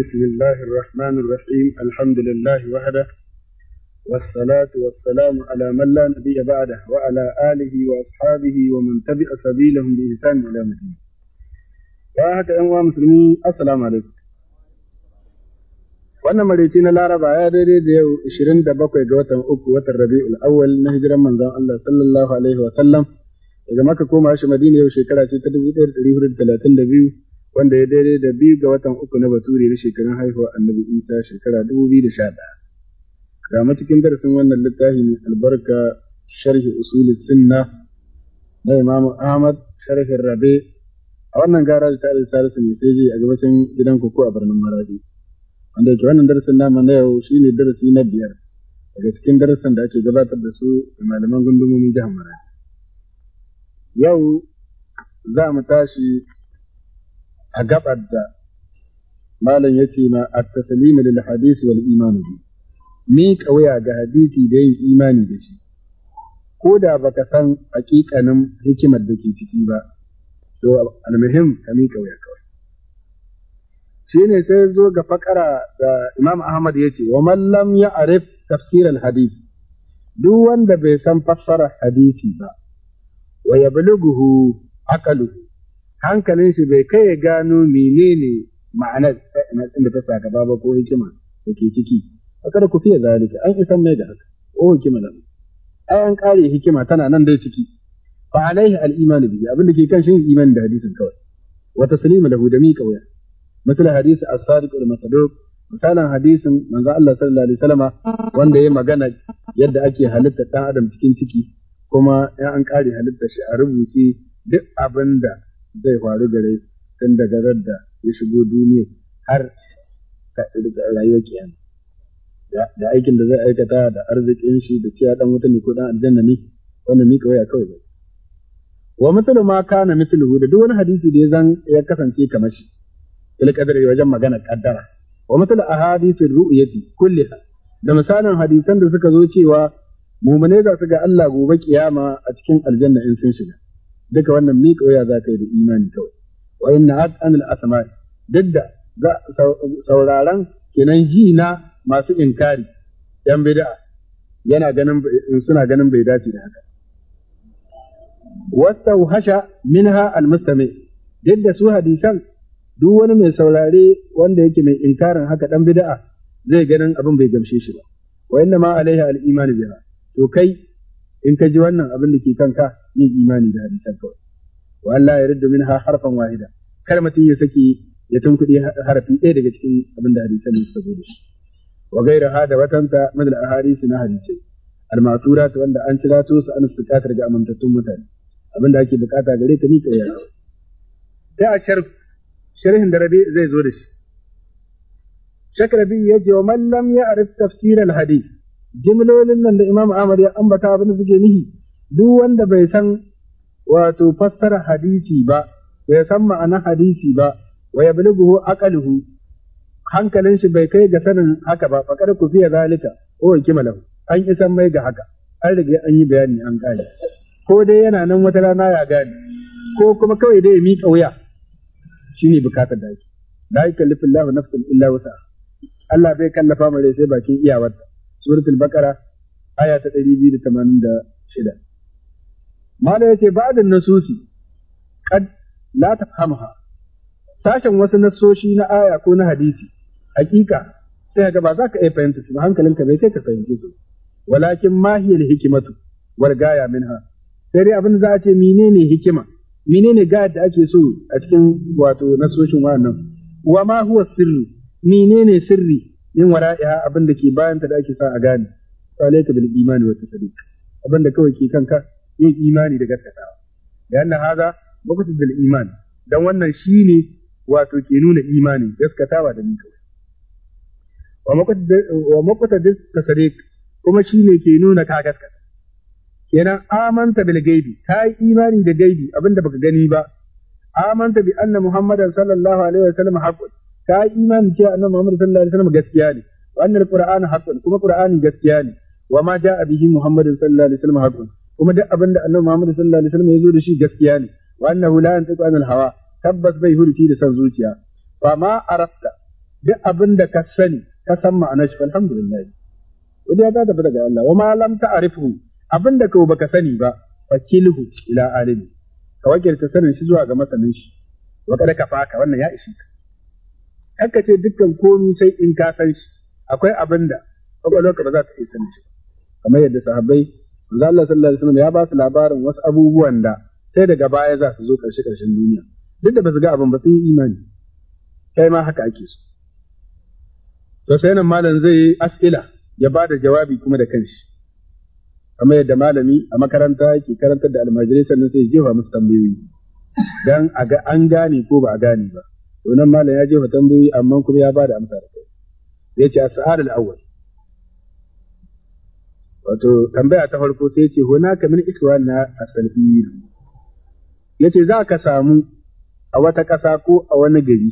بسم الله الرحمن الرحيم الحمد لله وحده والصلاة والسلام على من لا نبي بعده وعلى آله وأصحابه ومن تبع سبيلهم بإحسان إلى يوم الدين. وهكا أيها السلام عليكم. wannan maraice na laraba ya daidai da yau 27 ga watan uku watan rabi'ul awwal na hijiran manzon Allah sallallahu daga maka koma shi madina yau shekara ce ta wanda ya daidai da biyu ga watan uku na baturi na shekarun haihuwar annabi isa shekara dubu biyu da sha ɗaya kama cikin darasin wannan littafi mai albarka sharhi usuli sunna na imamu ahmad sharhin rabe a wannan gara da tare salisu mai sai a gabacin gidan koko a birnin maradi wanda yake wannan darasin nama na yau shine darasi na biyar daga cikin darasin da ake gabatar da su da malaman gundumomin jihar maradi yau za mu tashi a gabar da malam ya ce ma at-taslimu lil hadith wal iman bi mi kauya ga hadisi da yin imani da shi ko da baka san hakikanin hikimar da ke ciki ba to almuhim ka mi kauya kawai ne sai zo ga fakara da Imam Ahmad ya ce wa man lam ya'rif tafsir al-hadith duk wanda bai san fassarar hadisi ba wa yablughu aqluhu hankalin shi bai kai ya gano menene ma'anar da ta sa gaba ba ko hikima da ke ciki Kada ku fiye zalika an isan mai da haka o hikima da ai an kare hikima tana nan dai ciki fa alaihi al-iman bi abin da ke kan shin iman da hadisin kawai wa taslima lahu da mi kauya misal hadisi as-sadiq wal masduq misalan hadisin manzo Allah sallallahu alaihi wasallama wanda ya magana yadda ake halitta dan adam cikin ciki kuma in an kare halitta shi a rubuce duk abinda. da zai faru gare tun daga da ya shigo duniya har rayuwar kiyan da aikin da zai aikata da arzikin shi da cewa dan wuta ne ko dan aljanna ne wanda ni kawai a kawai wa mithlu ma kana mithluhu da duk wani hadisi da ya zan ya kasance kamar shi bil qadari wajen magana kaddara wa mithlu ya ru'yati kulliha da misalin hadisan da suka zo cewa mumune za su ga Allah gobe kiyama a cikin aljanna in sun shiga duka wannan miƙa waya za ka yi da imani kawai wa inna at'anil asma duk da sauraron kenan ji na masu inkari yan bid'a yana ganin suna ganin bai dace da haka wastauhasha minha almustami duk da su hadisan duk wani mai saurare wanda yake mai inkarin haka dan bid'a zai ganin abin bai gamshe shi ba wa inna ma alaiha al-iman biha to kai in ka ji wannan abin da ke kanka yin imani da hadisan kawai wa Allah ya ridda minha harfan wahida kar mutum ya saki ya tunkuɗe harafi ɗaya daga cikin abin da hadisan ne suka zo da shi wa gaira ha da watanta min al-ahadith na hadisai al-ma'surat wanda an cira to su an sukatar ga amintattun mutane abin da ake buƙata, gare ta ni kai Ta a sharh sharhin da rabi zai zo da shi shakrabi ya ce wa man lam ya'rif tafsir al-hadith jimlolin nan da Imam Ahmad ya ambata abin da suke nihi duk wanda bai san wato fassara hadisi ba bai san ma'ana hadisi ba wa ho aqluhu hankalin shi bai kai ga sanin haka ba fakar ku fiye zalika ko kimalahu an isan mai ga haka an riga an yi bayani an gane ko dai yana nan wata rana ya gane ko kuma kawai dai ya miƙa wuya shine bukatar da ake la yukallifu Allahu nafsan illa wasa, Allah bai kallafa mare sai bakin iyawarta suratul baqara aya ta 286 mala yace ba'dan nasusi qad la tafhamha sashen wasu nasoshi na aya ko na hadisi hakika sai ga ba za ka iya fahimta su ba hankalinka bai kai ka fahimci su walakin mahiyar hikimatu wal gaya min ha. dai abin za a ce ne hikima ne gaya da ake so a cikin wato nasoshin wannan wa ma huwa sirri ne sirri yin wara'iha abin da ke bayan ta da ake sa a gane alayka bil imani wa abin da kawai ke kanka yin imani da gaskatawa da anna haza maqsad al iman don wannan shine wato ke nuna imani gaskatawa da mika wa da tasdiq kuma shine ke nuna ka gaskata kenan amanta bil gaibi ka yi imani da gaibi abinda baka gani ba amanta bi anna muhammadan sallallahu alaihi wa sallam haqqun ka yi imani cewa annabi muhammad sallallahu alaihi wa sallam gaskiya ne wa anna alquran haqqun kuma qur'ani gaskiya ne wa ma jaa bihi muhammadin sallallahu alaihi wa sallam haqqun kuma duk abin da annabi Muhammad sallallahu alaihi wasallam ya zo da shi gaskiya ne wa annahu la yantiqu anil hawa tabbas bai hurti da san zuciya fa ma arafta duk abin da ka sani ka san ma'anar shi alhamdulillah wanda ya tabbata daga Allah wa ma lam ta'rifu abin da ka baka sani ba fakilhu ila alimi ka wakilta sanin shi zuwa ga masanin shi wa kada ka faka wannan ya ishi ka ka ce dukkan komai sai in ka san shi akwai abin da kwakwalwarka ba za ta iya sanin shi kamar yadda sahabbai manzo Allah sallallahu alaihi ya ba su labarin wasu abubuwan da sai daga baya za su zo karshe karshen duniya duk da ba su ga abin ba sun yi imani kai ma haka ake so to sai nan malam zai yi as'ila ya ba da jawabi kuma da kanshi kamar yadda malami a makaranta yake karantar da almajirai sannan sai jefa musu tambayoyi dan a ga an gane ko ba a gane ba to nan malam ya jefa tambayoyi amma kuma ya ba da amsa da kai Ya ce a al-awwal wato tambaya ta farko sai ce hunaka min ikhwana as Ya yace za ka samu a wata ƙasa ko a wani gari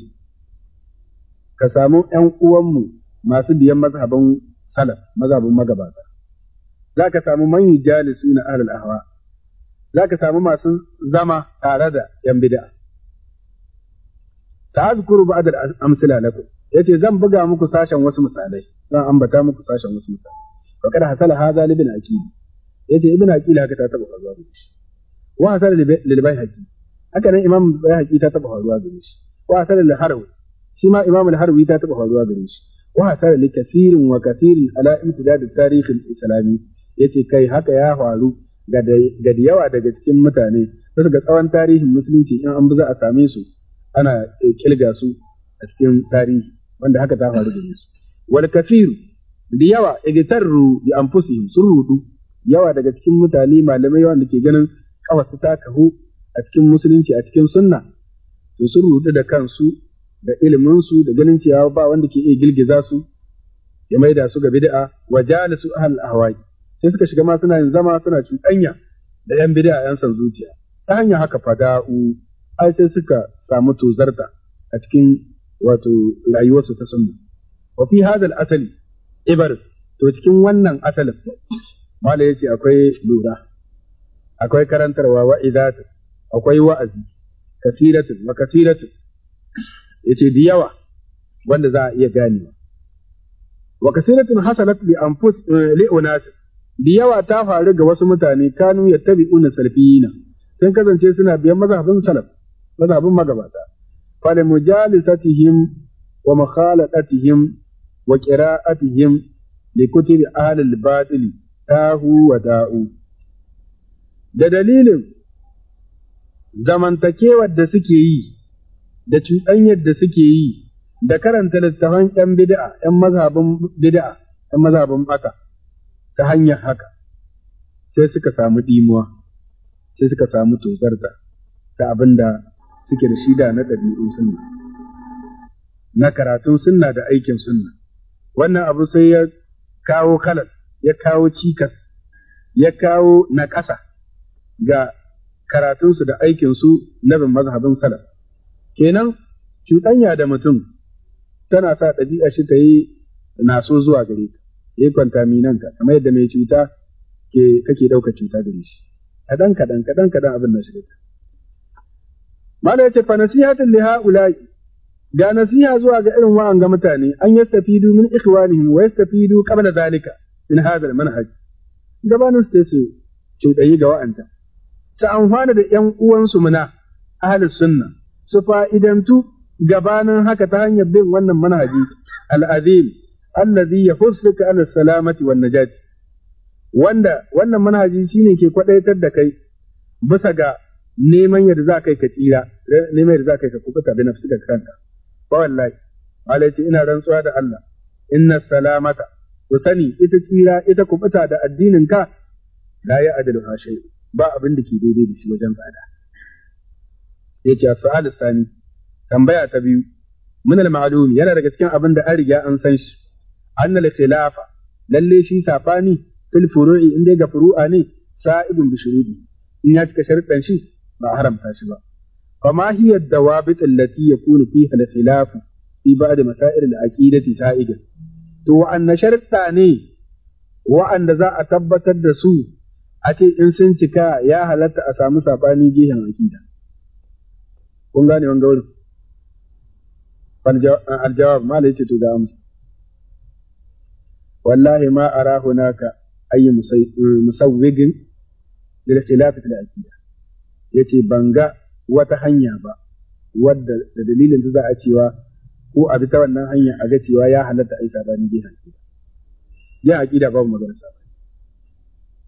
ka samu ƴan uwanmu masu biyan mazhaban salaf mazhabin magabata za ka samu man jalisu na ahlul ahwa za ka samu masu zama tare da yan bid'a ta'azkuru ba'd al-amsila lakum yace zan buga muku sashen wasu misalai zan ambata muku sashen wasu misalai faqad hasala hadha li ibn aqil yace ibn aqil haka ta taba faruwa da shi wa hasala li bayhaqi haka nan imam ta taba faruwa da shi wa hasala li shi ma imam al ta taba faruwa da shi wa hasala li kathirin wa kathirin ala imtidad at-tarikh yace kai haka ya faru ga da yawa daga cikin mutane bisa ga tsawon tarihin musulunci in an za a same su ana kilga su a cikin tarihi wanda haka ta faru da da yawa igtarru bi anfusihim sun rudu yawa daga cikin mutane malamai wanda ke ganin kawasu ta kahu a cikin musulunci a cikin sunna to sun rudu da kansu da iliminsu da ganin cewa ba wanda ke iya girgiza su ya maida su ga bid'a wa jalisu ahl ahwai sai suka shiga ma suna yin zama suna cuɗanya da yan bid'a yan san zuciya ta hanyar haka Fadau ai sai suka samu tuzarta a cikin wato rayuwarsu ta sunna wa fi hadal asali ibar to cikin wannan asalin mala yace akwai lura akwai karantarwa wa'izatu akwai wa'azi kasiratun wa kasiratun yace da yawa wanda za a iya ganewa wa kasiratun hasalat li anfus eh, li unas da yawa ta faru ga wasu mutane kanu yattabi'una salfiyina sun kasance suna biyan mazhabin salaf mazhabin magabata fal mujalisatihim wa makhalatatihim wa qira'atihim li kutubi ahlil batil tahu wa ta'u da dalilin zamantakewar da suke yi da cuɗanyar da suke yi da karanta littafan ‘yan bid'a, ‘yan mazhabin bid'a, ‘yan mazhabin baka ta hanyar haka, sai suka samu ɗimuwa, sai suka samu tozarta ta abin da suke da shida na ɗabi'un sunna, na karatun sunna da aikin sunna. wannan abu sai ya kawo kalan ya kawo cikas ya kawo naƙasa ga karatunsu da aikinsu na bin mazhabin salaf kenan cuɗanya da mutum tana sa ɗabi'a shi ta yi naso zuwa gare ka ya kwanta ka. kamar yadda mai cuta ke kake ɗauka cuta gare shi kaɗan kaɗan kaɗan kaɗan abin na shiga ta mala yace fa nasihatun li ha'ula'i ga nasiha zuwa ga irin wa'an ga mutane an yastafidu min ikhwanihim wa yastafidu qabla zalika min hadha manhaj gabanin su su cuɗayi ga wa'anta su amfana da ƴan uwansu muna ahlus sunna su fa'idantu gabanin haka ta hanyar bin wannan manhaji al'azim allazi yahussuka ala salamati wan najati wanda wannan manhaji shine ke kwadaitar da kai bisa ga neman yadda za kai ka tsira neman yadda za kai ka kubuta da nafsi da kanka wallahi Allah ce ina rantsuwa da Allah inna salamata ku sani ita tsira ita kubuta da addinin ka la ya adalu shay ba abin da ke daidai da shi wajen tsada yace su'al sani tambaya ta biyu min al ma'lum yana daga cikin abin da an riga an san shi anna al khilafa lalle shi safani fil furu'i inda ga furu'a ne saibun bi shurudi in ya cika sharuɗan shi ba haramta shi ba فما هي الضوابط التي يكون فيها الخلاف في بعض مسائل العقيدة سائدا to wa'anne sharuɗa ne wa'anda za a tabbatar da su a ce in sun cika ya halatta a samu saɓanin gehen aƙida. Kun gane wanga wurin? Aljawab mala yace to ga amsa. Wallahi ma ara hunaka ayi musawwigin lil khilafi fil aqida. Yace banga wata hanya ba wadda da dalilin da za a cewa ko a bi ta wannan hanya a ga cewa ya halatta ba ni bi hakika ya aqida babu magana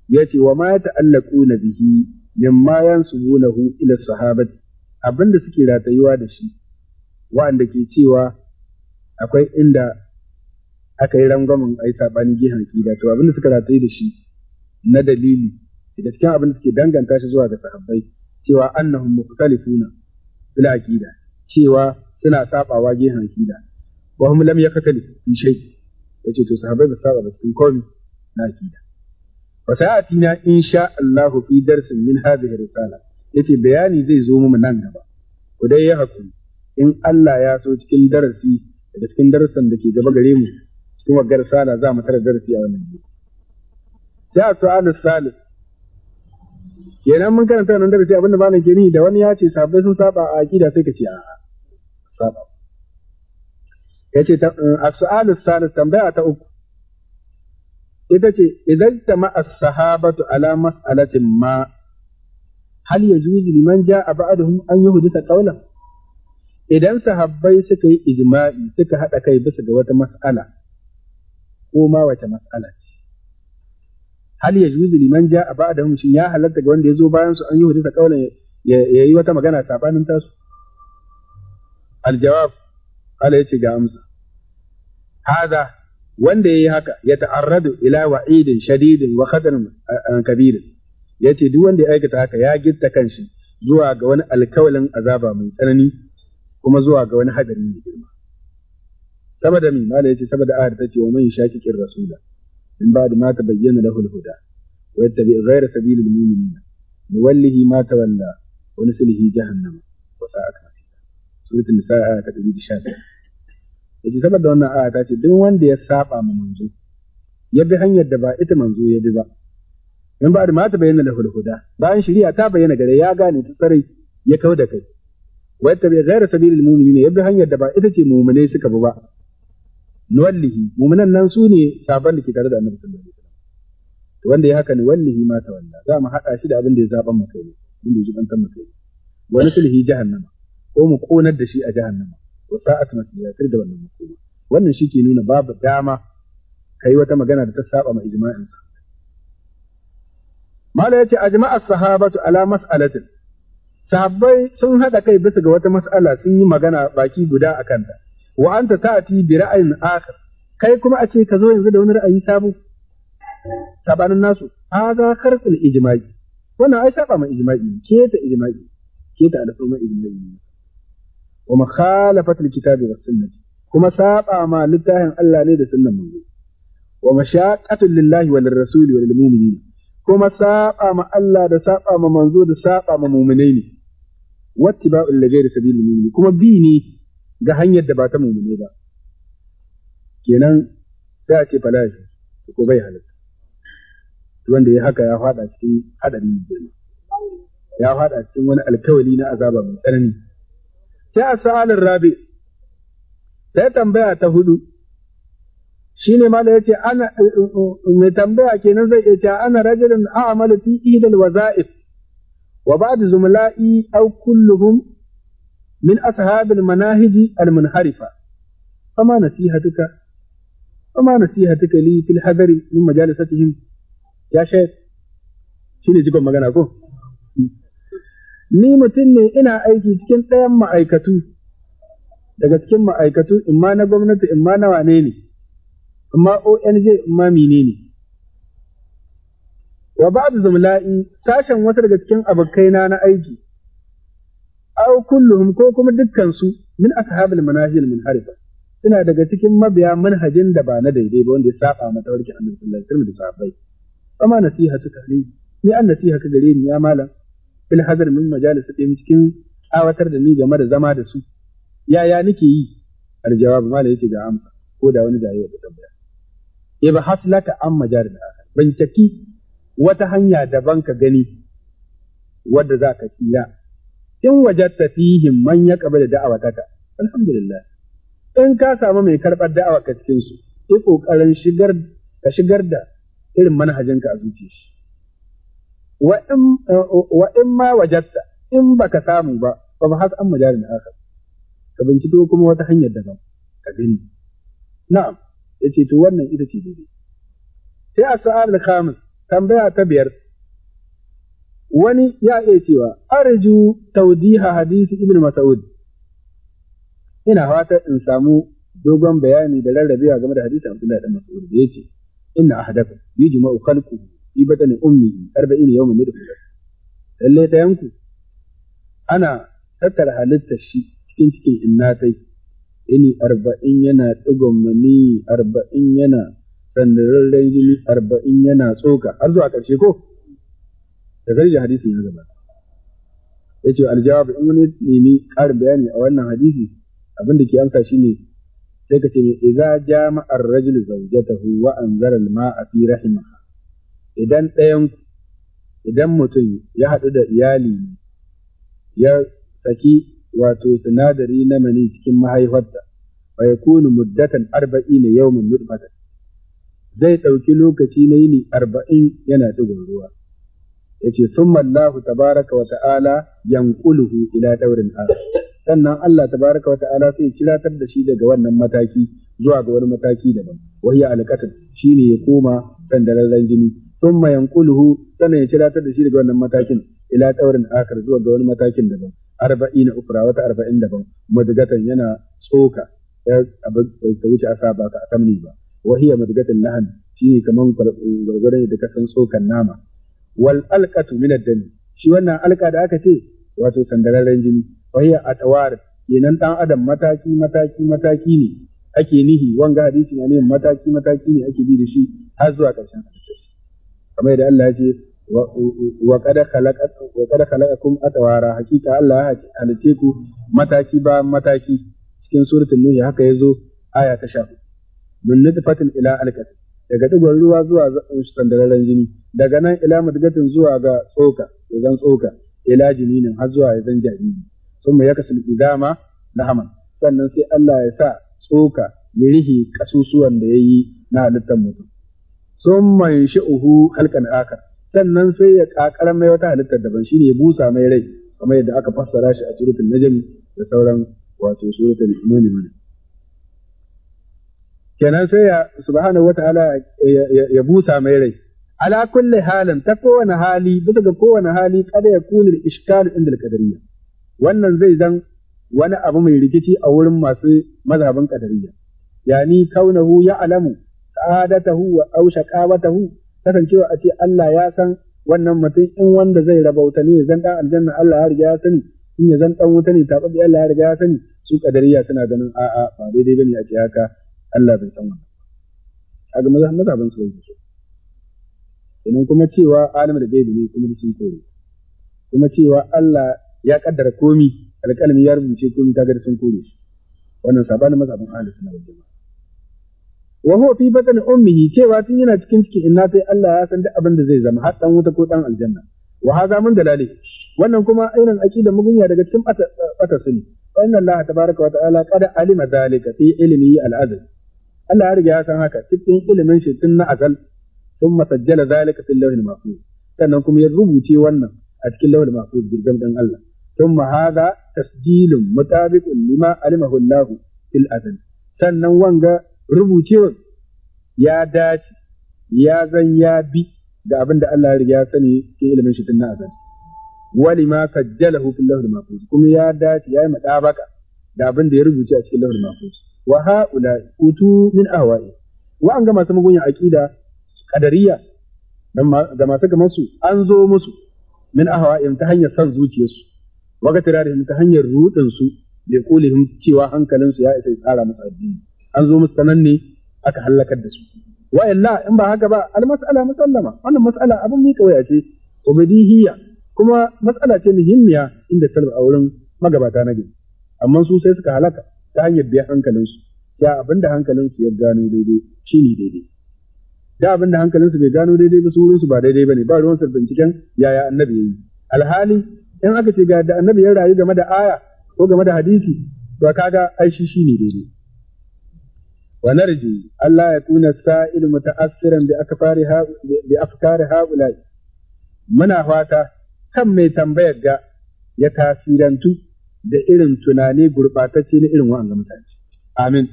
Ya ce wa ma ya na bihi min ma yansubunahu ila sahabati abinda suke ratayuwa da shi wa'anda ke cewa akwai inda aka yi rangwamen ai sabani gihan da? to abinda suka ratayi da shi na dalili daga cikin abin da suke danganta shi zuwa ga sahabbai cewa annahum mukhtalifuna fil aqida cewa suna sabawa gehen aqida wa hum lam yakhtalifu fi shay yace to sahabbai ba saba ba cikin komai na aqida wa sa'atina insha Allah fi darsin min hadhihi risala yace bayani zai zo mu nan gaba ku dai ya hakuri in Allah ya so cikin darasi da cikin darasin da ke gaba gare mu cikin waggar sala za mu tara darasi a wannan biyu. Ya su'alu salis kenan mun karanta nan da sai abinda malam ke ni da wani ya ce sahabbai sun saba a akida sai ka ce a saba yace as salis tambaya ta uku ita ce idan tama as-sahabatu ala mas'alatin ma hal yajuzu liman ja'a ba'dahum an yuhdisa qawlan idan sahabbai suka yi ijma'i suka hada kai bisa ga wata mas'ala ko ma wace mas'ala hal juzu liman ja'a bada shin ya halatta ga wanda ya zo bayan su an yi hudita kaulan ya yi wata magana sabanin tasu aljawab ala yace ga amsa hada wanda yayi haka ya ta'arradu ila wa'idin shadidin wa khatarin kabirin yace duk wanda ya aikata haka ya gitta kanshi zuwa ga wani alkawalin azaba mai tsanani kuma zuwa ga wani hadari mai girma saboda mai mala yace saboda ayar ce wa mai shaki kin rasula من بعد ما تبين له الهدى ويتبع غير سبيل المؤمنين نوله ما تولى ونسله جهنم وساءت مصيرا سورة النساء آية تقريد شافعي yace saboda wannan aya ta ce duk wanda ya saba ma manzo ya bi hanyar da ba ita manzo ya bi ba in ba da ma ta bayyana lahul huda bayan shari'a ta bayyana gare ya gane ta tsare ya kau da kai wa yattabi ghayra sabilil mu'minina ya bi hanyar da ba ita ce mu'mine suka bi ba nuwallihi mu'minan nan su ne sabon da ke tare da annabi sallallahu alaihi wasallam to wanda ya haka ni wallihi ma ta walla za mu haɗa shi da abin da ya zaban maka ne abin da ya jubantar maka ne wa nuslihi jahannama ko mu konar da shi a jahannama wa sa'at masiya kar da wannan makoma wannan shi ke nuna babu dama kai wata magana da ta saba ma ijma'in sa mala yace ajma'a sahabatu ala mas'alatin sahabbai sun hada kai bisa ga wata mas'ala sun yi magana baki guda akan ta wa anta ta'ati bi ra'ayin akhar kai kuma a ce ka zo yanzu da wani ra'ayi sabo sabanin nasu haza karfin ijma'i wannan ai saba ma ijma'i ke ta ijma'i ke ta al'umma ijma'i wa mukhalafat alkitabi was sunnati kuma saba ma littafin Allah ne da sunnan manzo wa mashaqqatul lillahi wal rasuli wal mu'minin kuma saba ma Allah da saba ma manzo da saba ma mu'minai ne wattiba'ul ghairi sabilil mu'minin kuma bi ne ga hanyar da ba ta mummune ba kenan sai a ce fala ya shi ko bai halatta wanda ya haka ya fada cikin hadari mai girma ya fada cikin wani alkawali na azaba mai tsanani sai a sa'alin rabi sai tambaya ta hudu shi ne da ya ce ana mai tambaya kenan zai iya cewa ana rajulun a'malu fi idil waza'if wa ba'd zumla'i aw kulluhum من أصحاب المناهج المنحرفة فما نصيحتك فما نصيحتك لي في الحذر من مجالستهم يا شيخ shine jigon magana ko ni mutum ne ina aiki cikin ɗayan ma'aikatu daga cikin ma'aikatu in ma na gwamnati in ma na wane ne in ma ONG in ma mine ne wa ba'd zumla'i sashen wata daga cikin abokaina na aiki aw kulluhum ko kuma dukkan su min ashabil manahil harifa Ina daga cikin mabiya manhajin da ba na daidai ba wanda ya saba mata warkin annabi sallallahu alaihi wasallam da sahabbai amma nasiha ta kare ni an nasiha ka gare ni ya malam bil hadar min majalis ta cikin awatar da ni game da zama da su yaya nake yi aljawab malam yake da amsa ko da wani ya da tambaya ya ba haslaka an majalis da akhar ban wata hanya daban ka gani wadda za ka tsira in wajatta fihim man yaqbalu da'awataka alhamdulillah in ka samu mai karɓar da'awa ka cikin su yi kokarin shigar ka shigar da irin manhajinka a zuciya shi wa in wa in ma wajatta in baka samu ba fa ba hasan an majalin akhar ka binciko kuma wata hanyar daban ka gani na'am yace to wannan ita ce daidai sai a sual al-khamis tambaya ta biyar wani ya iya cewa arju tawdiha hadisi ibn mas'ud ina fata in samu dogon bayani da rarrabewa game da hadisi Abdullahi dan Mas'ud da yace inna ahadaka yujma'u khalqu fi batni ummi 40 yawman yadkhulu lalle yanku? ana tattara halittar shi cikin cikin innatai ini arba'in yana ɗigon mani arba'in yana sandararren jini arba'in yana tsoka har zuwa ƙarshe ko da zarjin hadisin ya gabata ya ce aljawab in wani nemi ƙarin bayani a wannan hadisi abin da ke amsa shi ne sai ka ce mai iza jama'ar rajul zaujatahu wa anzara al-ma'a fi rahimaha idan ɗayan idan mutum ya haɗu da iyali ya saki wato sinadari na mani cikin mahaifarta wa yakunu muddatan arba'ina yawmin nutfatan zai ɗauki lokaci na yini arba'in yana ɗigon ruwa yace summa Allahu tabaraka wa ta'ala yanquluhu ila daurin akhar sannan Allah tabaraka wa ta'ala sai kiratar da shi daga wannan mataki zuwa ga wani mataki daban wahi alqatl shine ya koma sandararren jini summa yanquluhu sannan ya kiratar da shi daga wannan matakin ila daurin akhar zuwa ga wani matakin daban arba'ina ukra wata arba'in daban madgatan yana tsoka ya ta wuce asa ba ka akamni ba wahiya madgatan lahan shine kaman gwargwaron da san tsokan nama wal alqatu min ad-dam shi wannan alqa da aka ce wato sandararren jini wa hiya atwar kenan dan adam mataki mataki mataki ne ake nihi wanga hadisi na ne mataki mataki ne ake bi da shi har zuwa ƙarshen hadisi kamar yadda Allah ya ce wa qad khalaqakum wa qad khalaqakum atwara hakika Allah ya halice ku mataki ba mataki cikin suratul nuh haka yazo aya ta 14 min nutfatin ila alqatin daga digon ruwa zuwa sandararren jini daga nan ila madgatin zuwa ga tsoka ya zan tsoka ila jininin har zuwa ya zan jariri sun yaka sulki dama na haman sannan sai Allah ya sa tsoka ya rihi kasusuwan da ya yi na halittar mutum sun mai shi uhu halkan akar sannan sai ya kakar mai wata halittar daban shine ya busa mai rai kamar yadda aka fassara shi a suratul najmi da sauran wato suratul mu'minun kenan sai ya subhanahu wataala ya busa mai rai ala kulli halin ta kowane hali bisa ga kowane hali kada ya kuni iskalu inda kadariya wannan zai zan wani abu mai rikici a wurin masu mazhabin kadariya yani kaunahu ya alamu sa'adatahu wa aw kasancewa a ce Allah ya san wannan mutum in wanda zai rabauta ne zan dan aljanna Allah ya riga ya sani in ya zan dan wuta ne tabbi Allah ya riga ya sani su kadariya suna ganin a'a ba daidai bane a ce haka Allah bai san wannan a ga maza ban su bai so idan kuma cewa alim da gaibi ne kuma sun kore kuma cewa Allah ya kaddara komi alƙalmi ya rubuce komi ta da sun kore shi wannan sabanin mazhaban ahlus sunna wal jamaa wa huwa fi batni ummihi cewa tun yana cikin cikin inna sai Allah ya san duk abin da zai zama har dan wuta ko dan aljanna wa hadha min dalali wannan kuma ainin aqida mugunya daga cikin bata su ne inna Allah tabaaraka wa ta'ala qad alima dhalika fi ilmihi al-azl Allah ya riga ya san haka cikin ilimin shi tun na azal sun masajjala zalika fil lawhil mahfuz sannan kuma ya rubuce wannan a cikin lawhil mahfuz girgam dan Allah ثم هذا tasjilun mutabiqun lima علمه Allah fil azal. sannan wanga rubucewa ya dace ya zan ya bi ga abin da Allah ya riga sani cikin ilimin shi tun na azal wali ma sajjalahu fil lawhil mahfuz kuma ya dace ya yi madabaka da abin da ya rubuce a cikin lawhil mahfuz wa haula utu min ahwa'i wa an ga masu mugunya aqida qadariyya ga masu ga su an zo musu min ahwa'in ta hanyar san zuciyarsu wa ga tirarihim ta hanyar rudin su da kulihim cewa hankalin su ya isa tsara musu addini an zo musu nan ne aka halakar da su wa illa in ba haka ba al mas'ala musallama wannan mas'ala abin mika waya ce ubudihiyya kuma mas'ala ce muhimmiya inda talba a wurin magabata na gari amma su sai suka halaka ta hanyar biyan hankalinsu ya abin da hankalinsu ya gano daidai shi ne daidai da abin da hankalinsu bai gano daidai ba su wurinsu ba daidai ba ne ba ruwan binciken yaya annabi ya yi alhali in aka ce ga da annabi ya rayu game da aya ko game da hadisi to kaga ai shi ne daidai wa narji Allah ya kuna sa'il muta'assiran bi afkari muna fata kan mai tambayar ga ya tasirantu da irin tunani gurbatacce na irin wa'anga mutane amin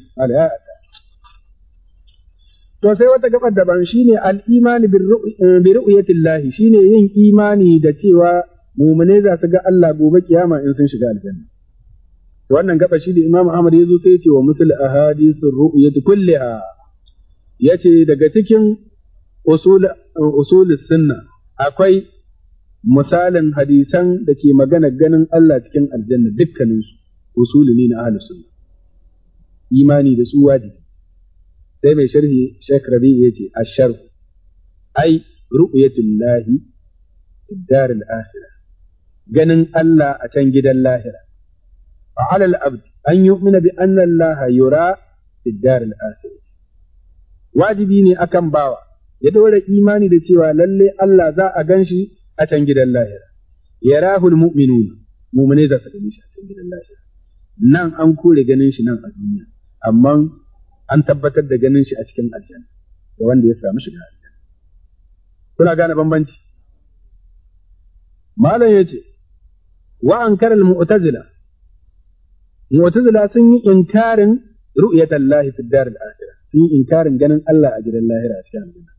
to sai wata gabar daban shine al-imani eh, bi ru'yatillahi shine yin imani da cewa mu'mine za su ga Allah gobe kiyama in sun shiga aljanna wannan gaba shi da Imam Ahmad ya zo sai ce wa musul ahadisu ru'yati kulliha ce daga cikin usul eh, sunna akwai misalin hadisan da ke magana ganin Allah cikin aljanna dukkaninsu usuli ne na ahlus sunna imani da su wajibi sai mai sharhi Sheikh Rabi yace ashar ai ru'yatullahi daril akhirah ganin Allah a can gidan lahira fa alal abd an yu'mina bi anna Allah yura fi daril akhirah wajibi ne akan bawa ya dora imani da cewa lalle Allah za a ganshi a can gidan lahira yarahul mu'minun mu'mine za su gani shi a can gidan lahira nan an kore ganin shi nan a duniya amma an tabbatar da ganin shi a cikin aljanna da wanda ya samu shiga aljanna kuna gane bambanci malam yace wa ankara al-mu'tazila mu'tazila sun yi inkarin ru'yatallahi fid dar al-akhirah sun yi inkarin ganin Allah a gidan lahira a cikin aljanna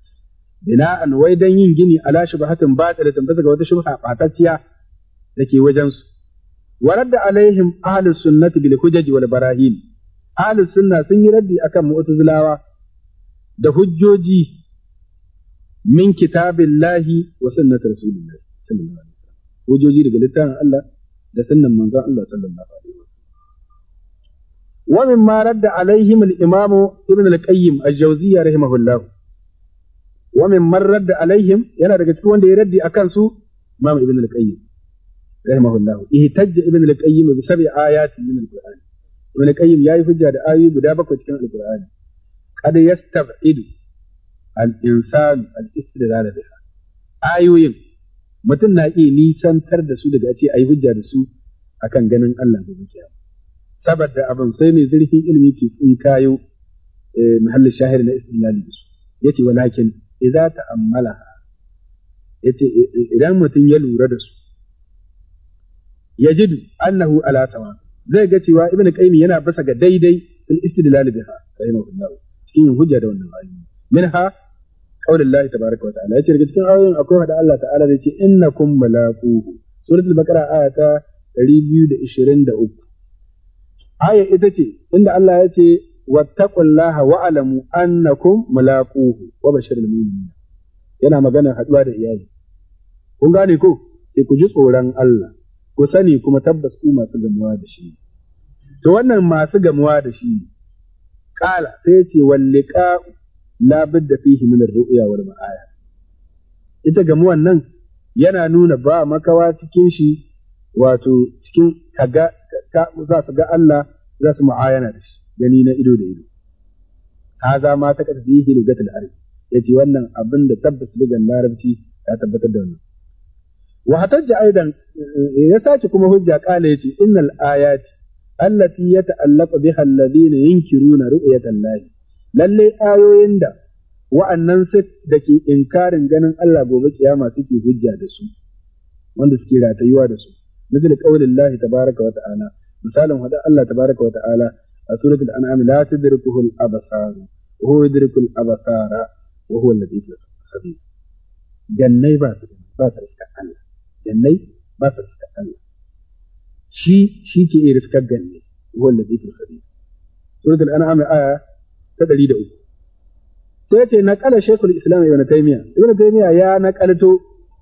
bina'an wai dan yin gini ala shubhatin batila bisa daga wata shubha batacciya dake wajen su waradda alaihim ahlus sunnati bil hujaj wal barahin ahlus sunna sun yi raddi akan mu'tazilawa da hujjoji min kitabillahi wa sunnati rasulillahi sallallahu alaihi wasallam hujjoji daga littafin Allah da sunnan manzon Allah sallallahu alaihi wasallam ومما رد عليهم الإمام ابن القيم الجوزي رحمه الله wa min marrad alaihim yana daga cikin wanda ya raddi a kansu, imam ibn al-qayyim rahimahullah ihtajja ibn al-qayyim bi sab'i ayati min al-qur'an ibn al-qayyim yayi hujja da ayoyi guda bakwai cikin al-qur'ani qad yastab'idu al-insan al-istidlal biha ayoyin mutum na iya nisantar da su daga ce ayi hujja da su akan ganin Allah gobe kiyama saboda abin sai mai zurfin ilimi ke tsinkayo eh, mahallin shahir na istidlal da su yace walakin idza ta'ammalaha yace idan mutum ya lura da su yajidu annahu ala sawa zai ga cewa ibnu qayyim yana fasa ga daidai fil istidlal biha rahimahullah cikin hujja da wannan ayoyi minha qaulul lahi tabaaraka wa ta'ala yace daga cikin ayoyin akwai hada Allah ta'ala zai ce innakum malakuhu suratul baqara aya ta 223 aya ita ce inda Allah ya ce واتقوا الله واعلموا انكم ملاقوه وبشر المؤمنين yana magana haduwa da iyali kun gane ko sai ku ji tsoron Allah ku sani kuma tabbas ku masu gamuwa da shi to wannan masu gamuwa da shi kala sai ce wallika la budda fihi min ar-ru'ya wal ma'aya ita gamuwan nan yana nuna ba makawa cikin shi wato cikin kaga za su ga Allah za su mu'ayana da shi gani na ido da ido Kaza ma ta kasa yi lugatul Ya ce wannan abin da tabbas bugan larabci ya tabbatar da wannan wa hatajja aidan eh, ya sace kuma hujja kala yace innal ayati allati yata'allaqu biha alladhina yunkiruna ru'yatal lahi lalle ayoyin da wa'annan su da ke inkarin ganin Allah gobe kiyama suke hujja da su wanda suke ratayuwa da su misal qaulin Allah wa ta'ala misalin hada Allah tabaaraka wa ta'ala a suratul an'am la tudrikuhu al-absar wa huwa yudriku al ba su ba su riskar Allah ba su riskar Allah shi shi ke iya riskar jannai wa huwa al-latif al-khabir suratul an'am aya ta 103 sai ce naqala shaykhul islam ibn taymiya ibn taymiya ya naqalto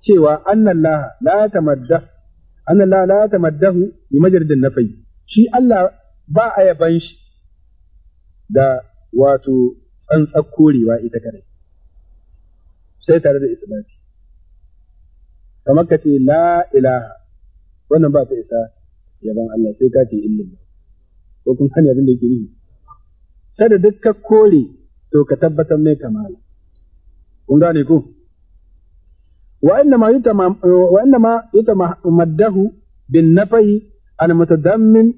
cewa annallaha la tamadda annallaha la tamaddahu bi majaridin nafai shi Allah ba a yaban shi da wato tsantsar korewa ita kadai sai tare da isbati kamar ka ce la ilaha wannan ba ta isa yaban Allah sai ka ce illallah ko kun sani abin da yake yi sai da duk ka kore to ka tabbatar mai kamala kun gane ko wa innama yutama wa innama yutama maddahu bin nafahi an mutadammin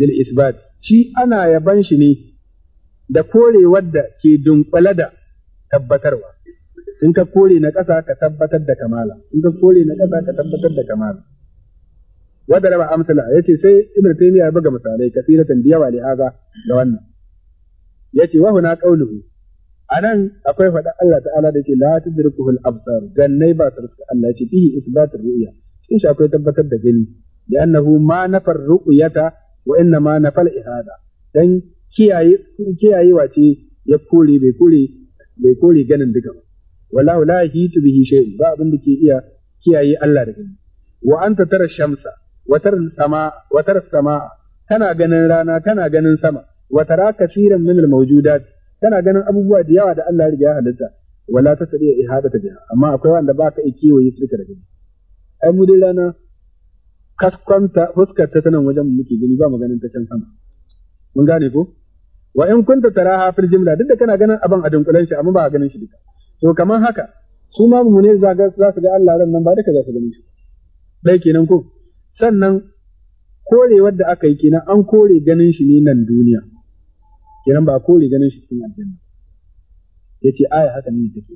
lil isbat shi ana yaban shi ne da korewar da ke dunkwale da tabbatarwa in ka kore na ƙasa ka tabbatar da kamala in ka kore na ƙasa ka tabbatar da kamala wadda raba amsala yace sai ibnu taymiya ya buga misalai kasiratan da yawa lihaza da wannan yace wa huna A nan akwai faɗa Allah ta'ala da ke la tudrikuhu al-absar gannai ba su riska Allah ce fihi isbatar ru'ya in shi akwai tabbatar da gani li'annahu ma nafar ru'yata wa inna ma nafal ihada dan kiyaye kiyayewa ce ya kore bai kore bai kore ganin duka ba wallahu la yahitu bihi shay'un ba abin da ke iya kiyaye Allah da gani wa anta tara shamsa wa tara sama wa tara sama kana ganin rana kana ganin sama wa tara kaseeran min al mawjudat kana ganin abubuwa da yawa da Allah ya halitta wala ta tsari ihadata biha amma akwai wanda baka iya kiwaye su da gani ai mu dai rana kaskanta fuskar ta nan wajen mu muke gani ba maganin ta can sama mun gane ko wa in kunta ha fil jumla duk da kana ganin abin a dunkulan shi amma ba ganin shi duka to kamar haka su ma mu ne za su ga Allah ran nan ba duka za su ganin shi dai kenan ko sannan korewar da aka yi kenan an kore ganin shi ne nan duniya kenan ba kore ganin shi cikin aljanna yace aya haka ne take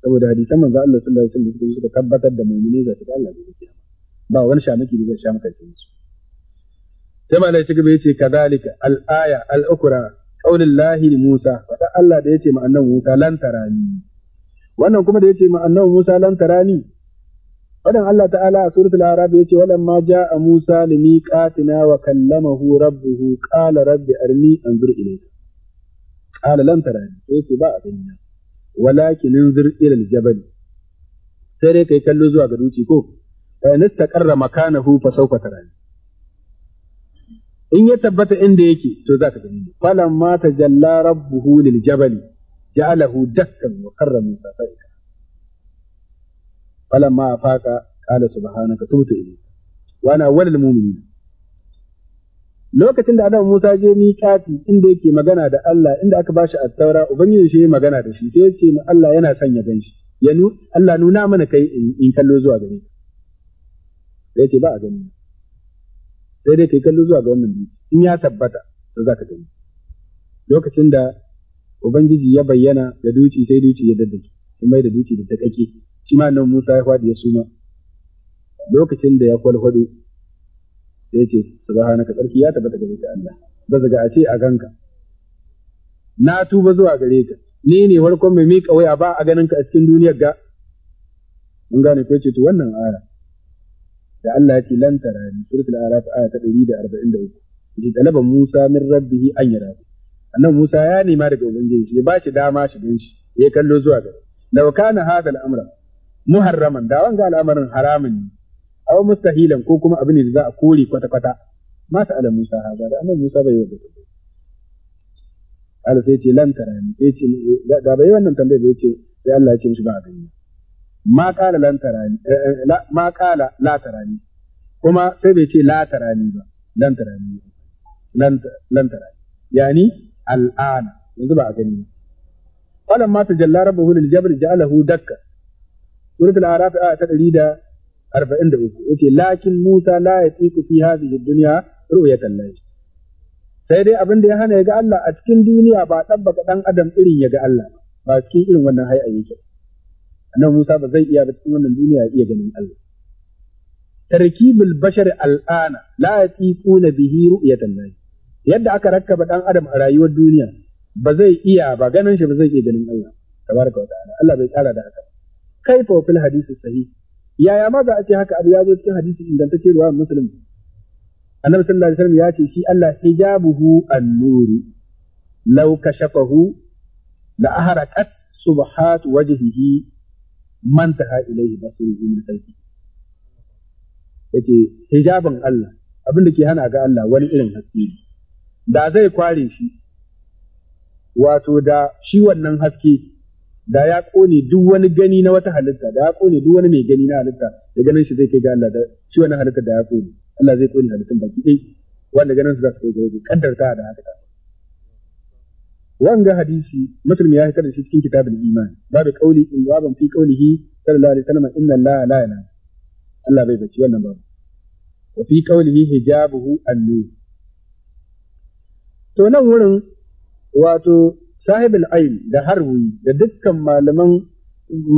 saboda hadisan manzo Allah sallallahu alaihi wasallam suka tabbatar da mu'mini za su ga Allah da kiyama ba wani shamaki da zai sha maka cikin su sai ma ya ta gaba yace kadhalika al-aya al-ukra qaulin lahi Musa faɗa Allah da yace ma annabi Musa lan tarani wannan kuma da yace ma annabi Musa lan tarani Wadan Allah ta'ala a suratul Arab ya ce wadan ma ja'a Musa li miqatina wa kallamahu rabbuhu qala rabbi arni anzur ilayka qala lan tarani sai ce ba abin nan walakin anzur ila al-jabal sai dai kai kallo zuwa ga ko fa eh, in istaqarra makanahu fa sawfa tarani in ya tabbata inda yake to zaka gani falamma tajalla rabbuhu lil jabali ja'alahu dakkan wa karra musa fa'ika falamma afaqa qala subhanaka tubtu ilayka wa ana awwalul mu'minin lokacin da Adam Musa je miƙati inda yake magana da Allah inda aka bashi attaura ubangiji shi magana da shi sai ya ce Allah yana son ya ganshi ya nu Allah nuna mana kai in kallo zuwa gare ka sai ce ba a gani sai dai kai kallo zuwa ga wannan dutse in ya tabbata to za ka gani lokacin da ubangiji ya bayyana da duci sai duci ya daddake in mai da duci da takake shi ma nan Musa ya faɗi ya suma lokacin da ya kwalkwado sai ya ce subhanaka tsarki ya tabbata gare ka Allah ba zaga a ce a ganka na tuba zuwa gare ka ni ne warkon mai miƙa waya ba a ganin ka a cikin duniyar ga mun gane ko ce to wannan aya da Allah ya ce lan tarani suratul araf aya ta 143 yace talaba Musa min rabbihi an yara annan Musa ya nema daga ubangiji ya bashi dama shi gan shi ya kallo zuwa ga law kana hada al'amra muharraman da wanga al'amarin haramun ne aw mustahilan ko kuma abin da za a kore kwata kwata mata ala Musa haza, da annan Musa bai yi wa Allah sai ce lan tarani sai ce da bai wannan tambayar bai ce sai Allah ya ce mishi ba a gani ma kala lan eh, eh, tarani kuma sai bai ce la tarani ba lan tarani lan lan tarani yani al'ana yanzu ba a gani ba falan ma tajalla rabbuhu lil jabr ja'alahu dakka surat al-araf a ta 143 yace lakin musa la yatiku fi hadhihi ad-dunya ru'yatan lahi sai dai abin da ya hana ya ga Allah a cikin duniya ba tabbaka dan adam irin ya ga Allah ba cikin irin wannan hay'a yake annabi Musa ba zai iya ba cikin wannan duniya ya iya ganin Allah tarkibul bashar al'ana la yatiquna bihi ru'yatan lahi yadda aka rakkaba dan adam a rayuwar duniya ba zai iya ba ganin shi ba zai iya ganin Allah tabaraka wa ta'ala Allah bai tsara da haka kai fa fil hadisi sahih yaya ma za a ce haka abu ya zo cikin hadisi ingantacce ruwa muslim annabi sallallahu alaihi wasallam ya ce shi Allah hijabuhu an-nuru law kashafahu la aharaqat subhat wajhihi man taha ilaihi basiruhu min sarki yace hijabin Allah abin da ke hana ga Allah wani irin haske ne da zai kware shi wato da shi wannan haske da ya kone duk wani gani na wata halitta da ya kone duk wani mai gani na halitta da ganin shi zai kai ga Allah da shi wannan halitta da ya kone Allah zai kone halittun baki ɗaya wanda ganin su za su kai ga kaddar ta da haka wanga hadisi muslim ya fitar da shi cikin kitabul iman babu qauli in babu fi qaulihi sallallahu alaihi wasallam inna allaha la yanam Allah bai bace wannan babu wa fi qaulihi hijabuhu an-nur to nan wurin wato sahibul ayn da harwi da dukkan malaman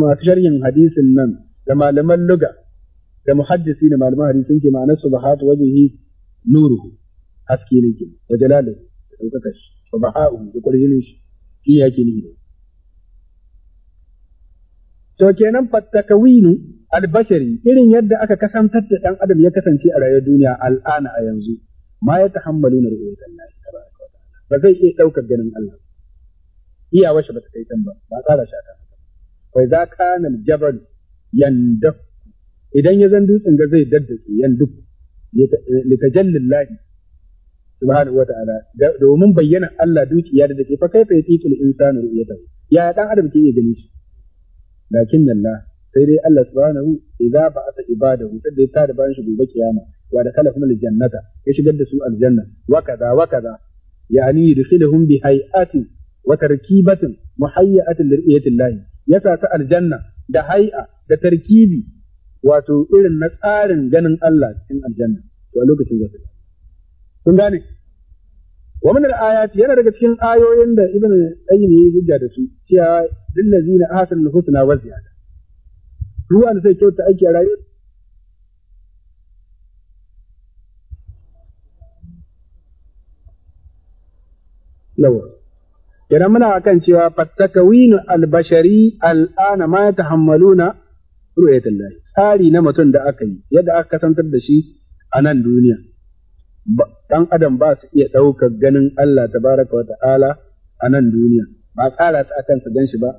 masu sharhin hadisin nan da malaman luga da muhaddisi da malaman hadisin ke ma'anar subhat wajhi nuruhu haske ne ke wa jalaluhu da daukaka shi fa ba'a'u da kwarjinin shi shi yake ni da to kenan fattakawinu albashari irin yadda aka kasantar da ɗan adam ya kasance a rayuwar duniya al'ana a yanzu ma ya ta tahammalu na ru'yat Allah tabaraka wa ta'ala ba zai iya ɗaukar ganin Allah iya washe ba ta kai can ba ba tsara shaka fa idza kana al-jabal yandaf idan ya zan dutsen ga zai daddake yanduk litajallillahi subhanahu wataala domin bayyana Allah dukiya da take fa kaifa yatiqul insanu ru'yatahu ya dan adam ke iya gani shi lakin Allah sai dai Allah subhanahu idza ba'atha ibadahu da ya tara bayan shi gobe kiyama wa da kala kuma aljannata ya shigar da su aljanna wa kaza wa kaza yani yudkhiluhum bi hay'atin wa tarkibatin muhayyatin lir'iyatillahi yasa ta aljanna da hay'a da tarkibi wato irin na tsarin ganin Allah cikin aljanna kun gane wa min al-ayati yana daga cikin ayoyin da ibn qayyim yayi hujja da su cewa lil ladzina ahsanu al-husna wa ziyada duk wanda sai kyauta aiki a rayuwa lawa idan muna kan cewa fattakawinu albashari al'ana ma tahammaluna ru'yatullahi tsari na mutum da aka yi yadda aka kasantar da shi a nan duniya ɗan adam ba su iya ɗaukar ganin Allah tabaraka wa ta'ala a nan duniya ba tsara ta akan su ganshi ba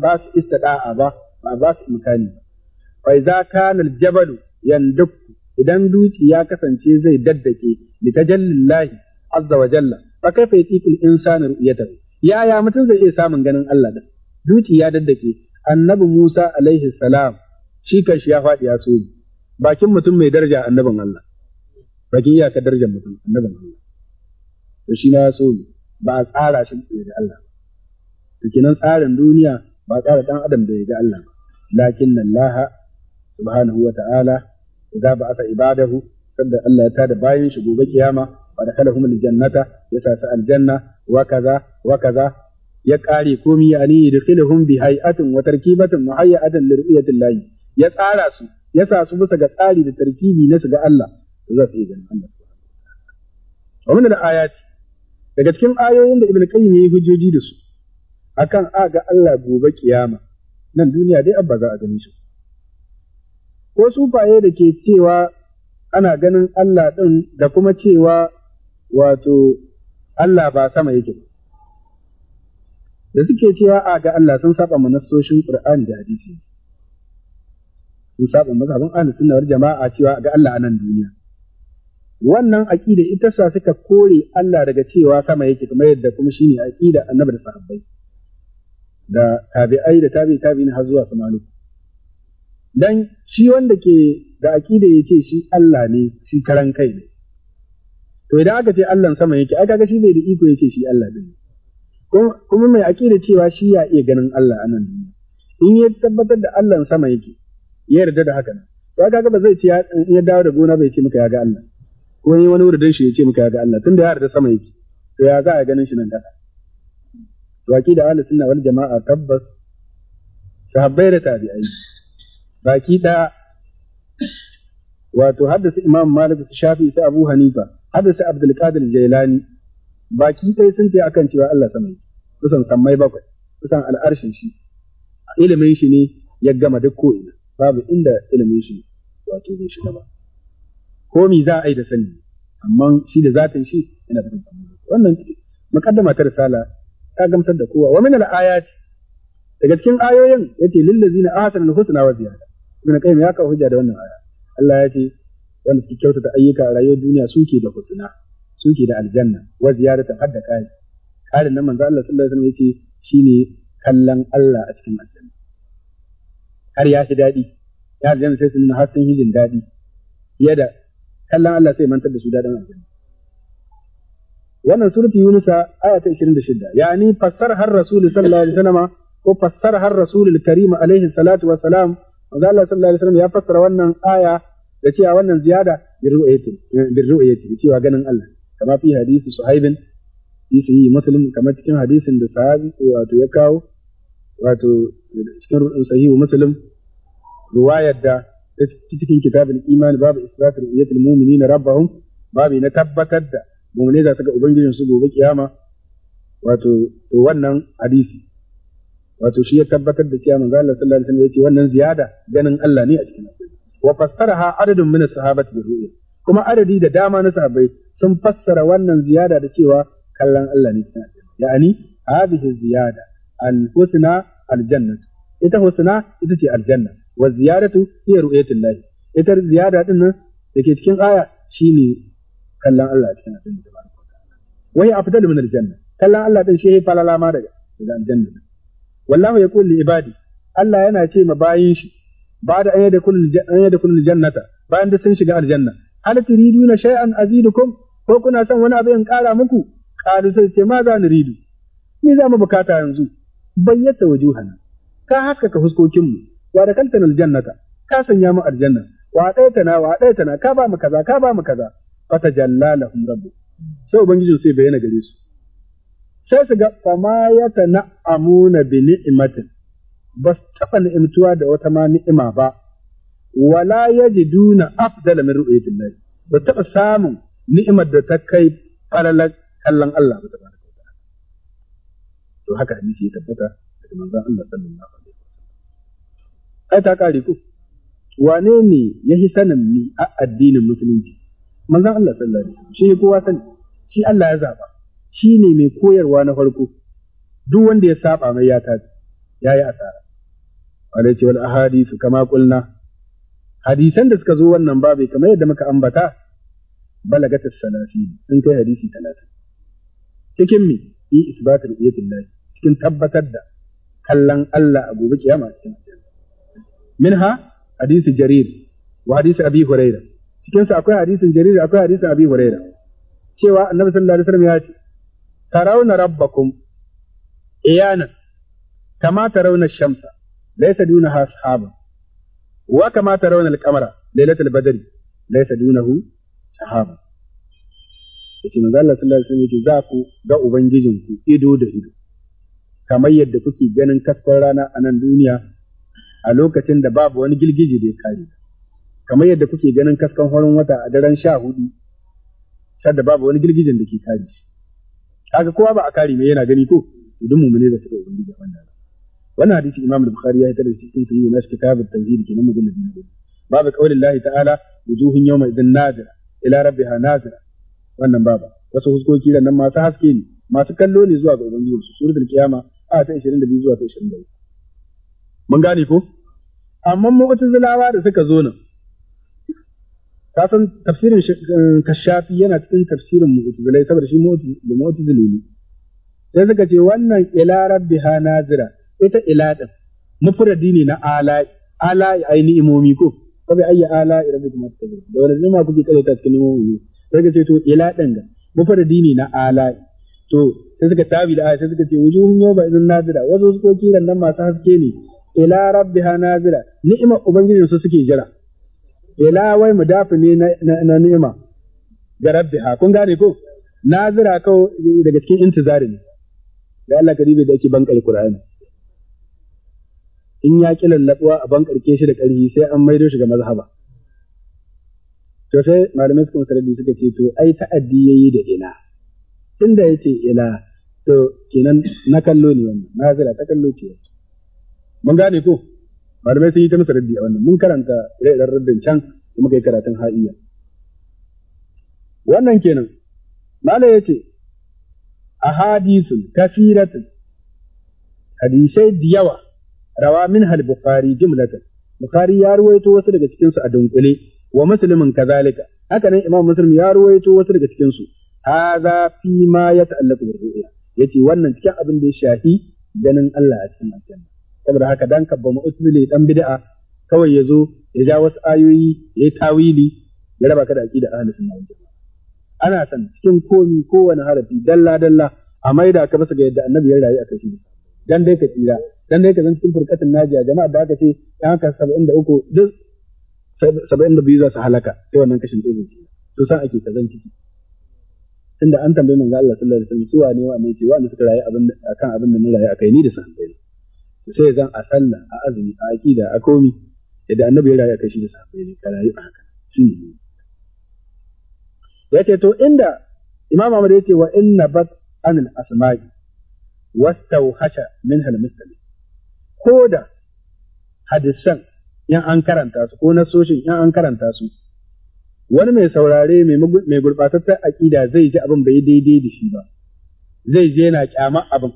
ba su istida'a ba ba za su imkani ba fa idza kana al-jabalu idan dutse ya kasance zai daddake li tajallillahi azza wa jalla fa kaifa yatiqul insanu ru'yatahu yaya mutum zai iya samun ganin Allah da dutse ya daddake annabi Musa alaihi salam shi kashi ya faɗi ya so bakin mutum mai daraja annabin Allah bakin iyakar darajar mutum annabin Allah to shi ma so ba a tsara shi da Allah to tsarin duniya ba tsara dan adam da ga Allah lakin Allah subhanahu wa ta'ala idza ba'atha ibadahu sanda Allah ya tada bayan shi gobe kiyama wa dakhalahum aljannata ya sa aljanna wa kaza wa kaza ya kare komi ya ani yadkhiluhum bi hay'atin wa tarkibatin muhayya'atin li ru'yati ya tsara su ya sa su bisa ga tsari da tarkibi na su ga Allah za su ganin Allah ayati daga cikin ayoyin da ibn qayyim ya hujjoji da su akan a ga Allah gobe kiyama nan duniya dai abba za a gani shi ko sufaye da ke cewa ana ganin Allah din da kuma cewa wato Allah ba sama yake ba da suke cewa a ga Allah sun saba manassoshin Qur'ani da hadisi sun saba mazhabin ahlus sunna wal jama'a cewa ga Allah a nan duniya wannan aƙida ita sa suka kore Allah daga cewa sama yake kamar yadda kuma shine aƙida annabi da sahabbai da tabi'ai da tabi tabi'in har zuwa samanu dan shi wanda ke da ya ce shi Allah ne shi karan kai ne to idan aka ce Allah sama yake ai kaga shi ne da iko ce shi Allah din kuma mai aƙida cewa shi ya iya ganin Allah anan duniya in ya tabbatar da Allah sama yake ya yarda da haka to ga ba zai ce ya dawo da gona bai ce maka ya ga Allah wani wani wuridin shi ya ce muka ga Allah tunda ya yarda sama yake to ya za a ganin shi nan kasa to da ahlus sunna wal jamaa tabbas sahabbai da tabi'ai baki da wato haddasa imam malik su shafi su abu hanifa haddasa abdul qadir jailani baki dai sun ce akan cewa Allah sama yake kusan sammai bakwai kusan al'arshin shi ilimin shi ne ya gama duk ko'ina babu inda ilimin shi wato bai shiga ba ko mi za a yi da sani amma shi da zatin shi yana da amfani wannan makaddama ta risala ta gamsar da kowa wa min al ayat daga cikin ayoyin yace lil ladina ahsanu al husna wa ziyada ibn qayyim ya kawo hujja da wannan aya Allah ya ce wanda suke kyautata ayyuka a rayuwar duniya suke da husna suke da aljanna wa ziyadatan hadda kai kalin nan manzo Allah sallallahu alaihi wasallam yace shine kallon Allah a cikin aljanna har ya shi daɗi ya aljanna sai sun nuna har sun hijin daɗi fiye da kallon Allah sai mantar da su daɗin aljanna wannan surati yunusa aya ta 26 yani fassara har rasul sallallahu alaihi wasallam ko fassara har rasul karim alaihi salatu wassalam manzo Allah sallallahu alaihi wasallam ya fassara wannan aya da cewa wannan ziyada birru'ayati birru'ayati cewa ganin Allah kama fi hadisi suhaibin su yi muslim kamar cikin hadisin da sahabi wato ya kawo wato cikin sahihu muslim ruwayar da cikin kitabin imani babu isbatar ru'yatul mu'minina rabbahum babu na tabbatar da mu'mine za su ga ubangijin su gobe kiyama wato to wannan hadisi wato shi ya tabbatar da cewa manzo Allah sallallahu alaihi wasallam yace wannan ziyada ganin Allah ne a cikin wa fassaraha adadun min sahabati bi ru'ya kuma adadi da dama na sahabbai sun fassara wannan ziyada da cewa kallon Allah ne cikin ya'ani hadisi ziyada al-husna al-jannah ita husna ita ce aljanna wa ziyaratu hiya ru'yatul lahi ita ziyara din nan dake cikin aya shine kallon Allah cikin abin da tabaraka wa a wai afdal min aljanna kallon Allah din shi falala ma daga daga aljanna wallahu yaqul li ibadi Allah yana ce ma bayin shi ba da an yada kullu an yada kullu jannata bayan da sun shiga aljanna hal turiduna shay'an azidukum ko kuna son wani abu in kara muku qalu sai ce ma za ni ridu ni za mu bukata yanzu bayyata wajuhana ka haskaka huskokin mu wa da kanta nal aljannata ka sanya mu aljanna wa na wa na ka ba mu kaza ka ba mu kaza fata jallalahum rabbu sai ubangiji sai bayyana gare su sai su ga ma ya amuna bi ni'matin bas su taɓa ni'imtuwa da wata ma ni'ima ba wala yajiduna afdala min ru'yatillahi ba taɓa samun ni'imar da ta kai falalar kallon Allah ba ba. to haka hadisi ya tabbata daga manzon Allah sallallahu alaihi ai ta kare ku wane ne ya fi sanin ni a addinin musulunci manzon Allah sallallahu alaihi wasallam shi ne kowa sani shi Allah ya zaba shi ne mai koyarwa na farko duk wanda ya saba mai ya ta ya yi asara alaihi ce wal ahadith kama kulna hadisan da suka zo wannan babu kamar yadda muka ambata as salafi sun kai hadisi 30 cikin mi yi isbatul iyatillah cikin tabbatar da kallon Allah a gobe kiyama cikin منها حديث جرير wa hadisi abi cikin sa akwai hadisin jarir akwai hadisin abi huraira cewa annabi sallallahu alaihi wasallam ya ce tarawna rabbakum iyana kama tarawna shamsa laysa duna sahaba wa kama tarawna alqamara laylatul badri laysa dunahu sahaba yace manzo Allah sallallahu alaihi wasallam yace za ku ga ubangijinku ido da ido kamar yadda kuke ganin kaskon rana a nan duniya a lokacin da babu wani girgije da ya kare kamar yadda kuke ganin kaskan horon wata a daren sha hudu sha da babu wani girgijen da ke kare shi kaga kowa ba a kare mai yana gani ko idan mummune da su da ubangiji wannan wannan hadisi imam al-bukhari ya yi tare da cikin sahih na kitab at-tawhid kenan mujallad na gobe babu qaulin ta'ala wujuhun yawma idin nadira ila rabbiha nadira wannan baba wasu huskoki da nan masu haske ne masu kallo ne zuwa ga ubangiji su suratul qiyama a ta 22 zuwa ta 23 mun gane ko amma mu'tazilawa da suka zo nan ka san tafsirin eh, kashafi yana cikin tafsirin mu'tazilai saboda shi mu'tazili ne sai suka ce wannan ila rabbiha nazira ita ila din mufradi ne na ala ala aini imomi ko sabai ayya ala rabbikum tafsir da wannan ma kuke kare ta cikin ne sai ka ce to ila din ga mufradi ne na ala to sai suka tabi da sai suka ce wujuhun yau idan nazira su suko kiran nan masu haske ne ila rabbiha nazira Ni'ima ubangiji su suke jira ila wai mudafi ne na ni'ima ga rabbiha kun gane ko nazira ko daga cikin intizari ne da Allah karibe da yake bankar Qur'ani in ya ki lallabuwa a bankarke shi da ƙarfi sai an maido shi ga mazhaba to sai malamai suka musaradi suka ce to ai ta'addi yayi da ila tunda yace ina to kenan na kallo ne wannan nazira ta kallo ce mun gane ko malamai sun yi ta masa raddi a wannan mun karanta ire raddin can da muka yi karatun ha'iya wannan kenan malai a hadisun kafiratun hadisai da yawa rawa min hal bukhari Bukari ya ruwaito wasu daga cikin a dunkule wa muslimin kazalika haka nan imam muslim ya ruwaito wasu daga cikin su hadha fi ma ya yata'allaqu bir Ya yace wannan cikin abin da ya shafi ganin Allah a cikin aljanna saboda haka dan kabba mu'tazili dan bid'a kawai ya zo ya ja wasu ayoyi ya yi tawili ya raba ka da aqida ahli sunna wal jamaa ana san cikin komi kowane harafi dalla dalla a maida ka bisa ga yadda annabi ya rayu a kashi dan dai ka tsira dan dai ka zan cikin furkatin najiya jama'a da aka ce dan haka 73 duk 72 za su halaka sai wannan kashin ɗaya zai to san ake ka zan ciki tunda an tambaye manzo Allah sallallahu alaihi wasallam su wane ne ce wanda suka rayu abin akan abin da na rayu akai ni da sahabbai sai zan a sallah a azumi a aqida a komi yadda annabi ya rayu a kashi da safe ne ka rayu a haka shine ya ce to inda imam Ahmad ya ce wa inna bat anil asma'i wastawhasha min hal muslimi ko da hadisan in an karanta su ko nasoshin in an karanta su wani mai saurare mai gurbatattar aƙida zai ji abin bai daidai da shi ba zai je na kyama abin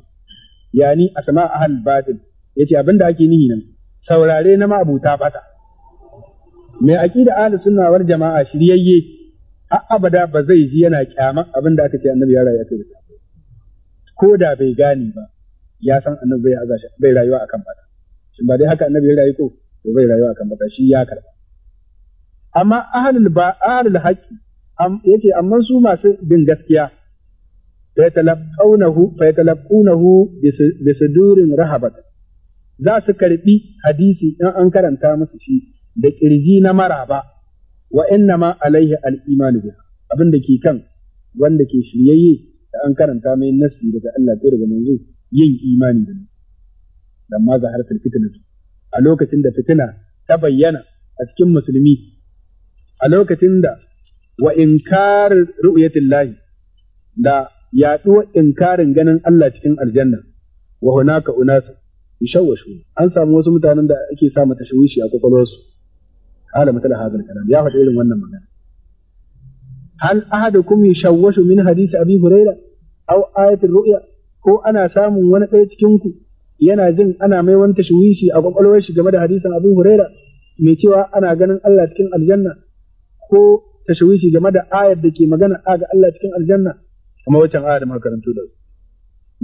yani asma ahal batil yace abinda ake nihi nan saurare na ta bata mai aqida ahlus sunna wal jama'a shiryayye a abada ba zai ji yana kyama abinda aka ce annabi ya rayu akai da ko da bai gane ba ya san annabi bai azashi bai rayuwa akan bata shin ba dai haka annabi ya rayu ko to bai rayuwa akan bata shi ya karba amma ahlul ba ahlul haqqi yace amma su masu bin gaskiya fa yatalaqawnahu fa yatalaqawnahu durin sudurin rahabatan za su karbi hadisi in an karanta musu shi da kirji na maraba wa inna ma alaihi al-imanu biha abin da ke kan wanda ke shiryayye da an karanta mai nasi daga Allah ko daga manzo yin imani da nasi dan ma zaharatul fitnatu a lokacin da fitina ta bayyana a cikin musulmi a lokacin da wa inkar ru'yatillahi da yaduwar inkarin ganin Allah cikin aljanna wa hunaka unasu yashawashu an samu wasu mutanen da ake sa mata shawishi a kwakwalwarsu qala mutala hadal kalam ya faɗi irin wannan magana hal ahadukum yashawashu min hadisi abi huraira aw ayatir ru'ya ko ana samun wani ɗaya cikin ku yana jin ana mai wani tashwishi a kwakwalwar shi game da hadisin Abu Huraira mai cewa ana ganin Allah cikin aljanna ko tashwishi game da ayar da ke magana a ga Allah cikin aljanna kamar wancan ayar da makarantu karanto da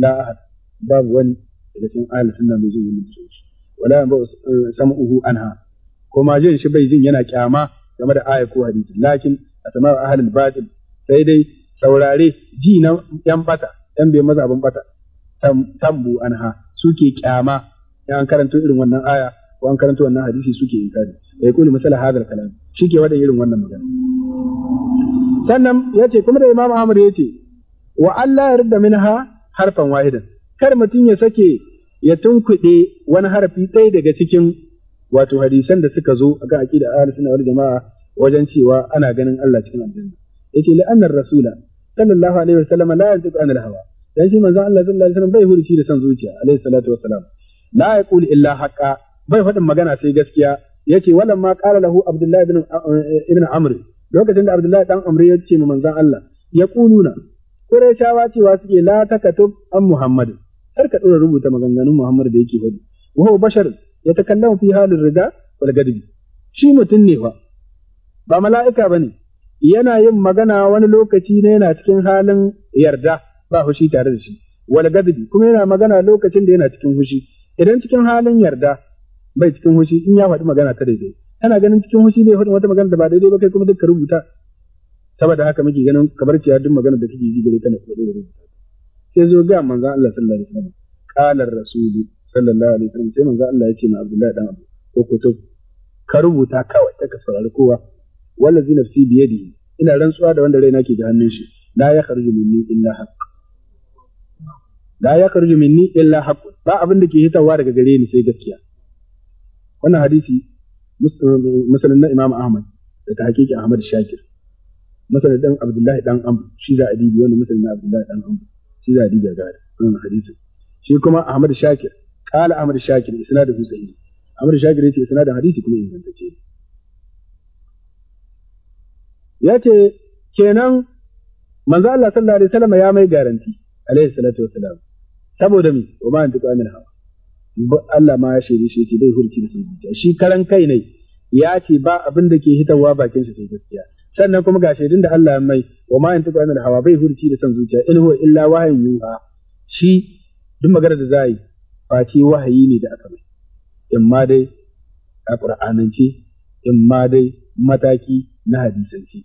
la ahad babu wani daga cikin sunna bai zo wannan tsoci wala ba eh, sam'uhu anha ma jin shi bai jin yana kyama game da aya ko hadisi lakin asma ahalin batil sai dai saurare ji na yan bata yan bai maza abin bata tambu anha suke kyama yan karanto irin wannan aya ko an karanto wannan hadisi suke inkari sai kuli misala hadal kalam shike wadai irin wannan magana sannan yace kuma da imam ahmad yace wa Allah yarda minha harfan wahidan kar mutum ya sake ya tunkuɗe wani harafi ɗaya daga cikin wato hadisan da suka zo a kan akan da ahlus sunna wani jamaa wajen cewa ana ganin Allah cikin aljanna Ya ce annar rasula sallallahu alaihi wasallam la yantiqu anil hawa dan shi manzon Allah sallallahu alaihi wasallam bai hurci da san zuciya alaihi salatu wassalam la yaqulu illa haqa bai faɗin magana sai gaskiya Yake walan ma qala lahu abdullahi ibn eh, ibn amr lokacin da abdullahi dan amr ya ce manzon Allah ya kuluna qurayshawa cewa suke la takatub an muhammadin kar ka dora rubuta maganganun Muhammad da yake faɗi wa huwa bashar yatakallamu fi halir rida wal gadbi shi mutum ne fa ba mala'ika bane yana yin magana wani lokaci ne yana cikin halin yarda ba fushi tare da shi wal gadbi kuma yana magana lokacin da yana cikin fushi idan cikin halin yarda bai cikin fushi in ya faɗi magana ta daidai kana ganin cikin fushi ne faɗi wata magana da ba daidai ba kai kuma duka rubuta saboda haka muke ganin kabarciya duk magana da kake ji gare kana da rubuta ya zo ga manzon Allah sallallahu alaihi wasallam qala rasul sallallahu alaihi wasallam sai manzon Allah yake ma Abdullahi dan Abu ko kutub ka rubuta kawai ta ka saurari kowa wallazi nafsi bi yadihi ina rantsuwa da wanda raina ke da hannun shi la ya kharju minni illa haqq la ya kharju minni illa haqq ba abin da ke hitawa daga gare ni sai gaskiya wannan hadisi musulun na Imam Ahmad da ta hakiki Ahmad Shakir musulun dan Abdullahi dan Amr shi da adibi wannan musulun na Abdullahi dan Amr shi da hadija gari wannan hadisi shi kuma Ahmad Shakir qala Ahmad Shakir isnadu sahihi Ahmad Shakir yace isnadu hadisi kuma ingantacce yace kenan manzo Allah sallallahu alaihi wasallam ya mai garanti alaihi salatu wasalam saboda mi wa ma antu amin hawa Allah ma ya shaide shi yace bai hurci da sai shi karan kai ne ya ce ba abin da ke hitarwa bakin shi sai gaskiya sannan kuma ga shaidun da Allah ya mai wa ma yantiqu anil hawa bai hurci da san zuciya in huwa illa wahayin yuha shi duk magana da za yi ce wahayi ne da aka mai in ma dai a qur'anance in ma dai mataki na hadisance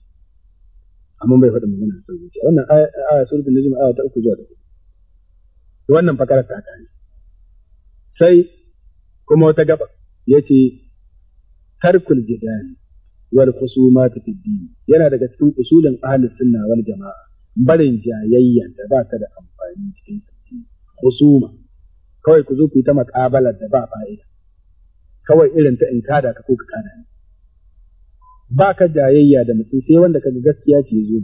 amma bai faɗi magana da san zuciya wannan aya suratul najm aya ta uku zuwa da wannan fakarar ta ne sai kuma wata gaba yace tarkul jidali wal khusumat fi din yana daga cikin usulin ahli sunna wal jama'a barin jayayya da ba ta da amfani cikin addini khusuma kawai ku zo ku ta muƙabalar da ba fa'ida kawai irin ta in kada ka ko ka kada ni ba ka jayayya da mutum sai wanda ka ga gaskiya ce ya zo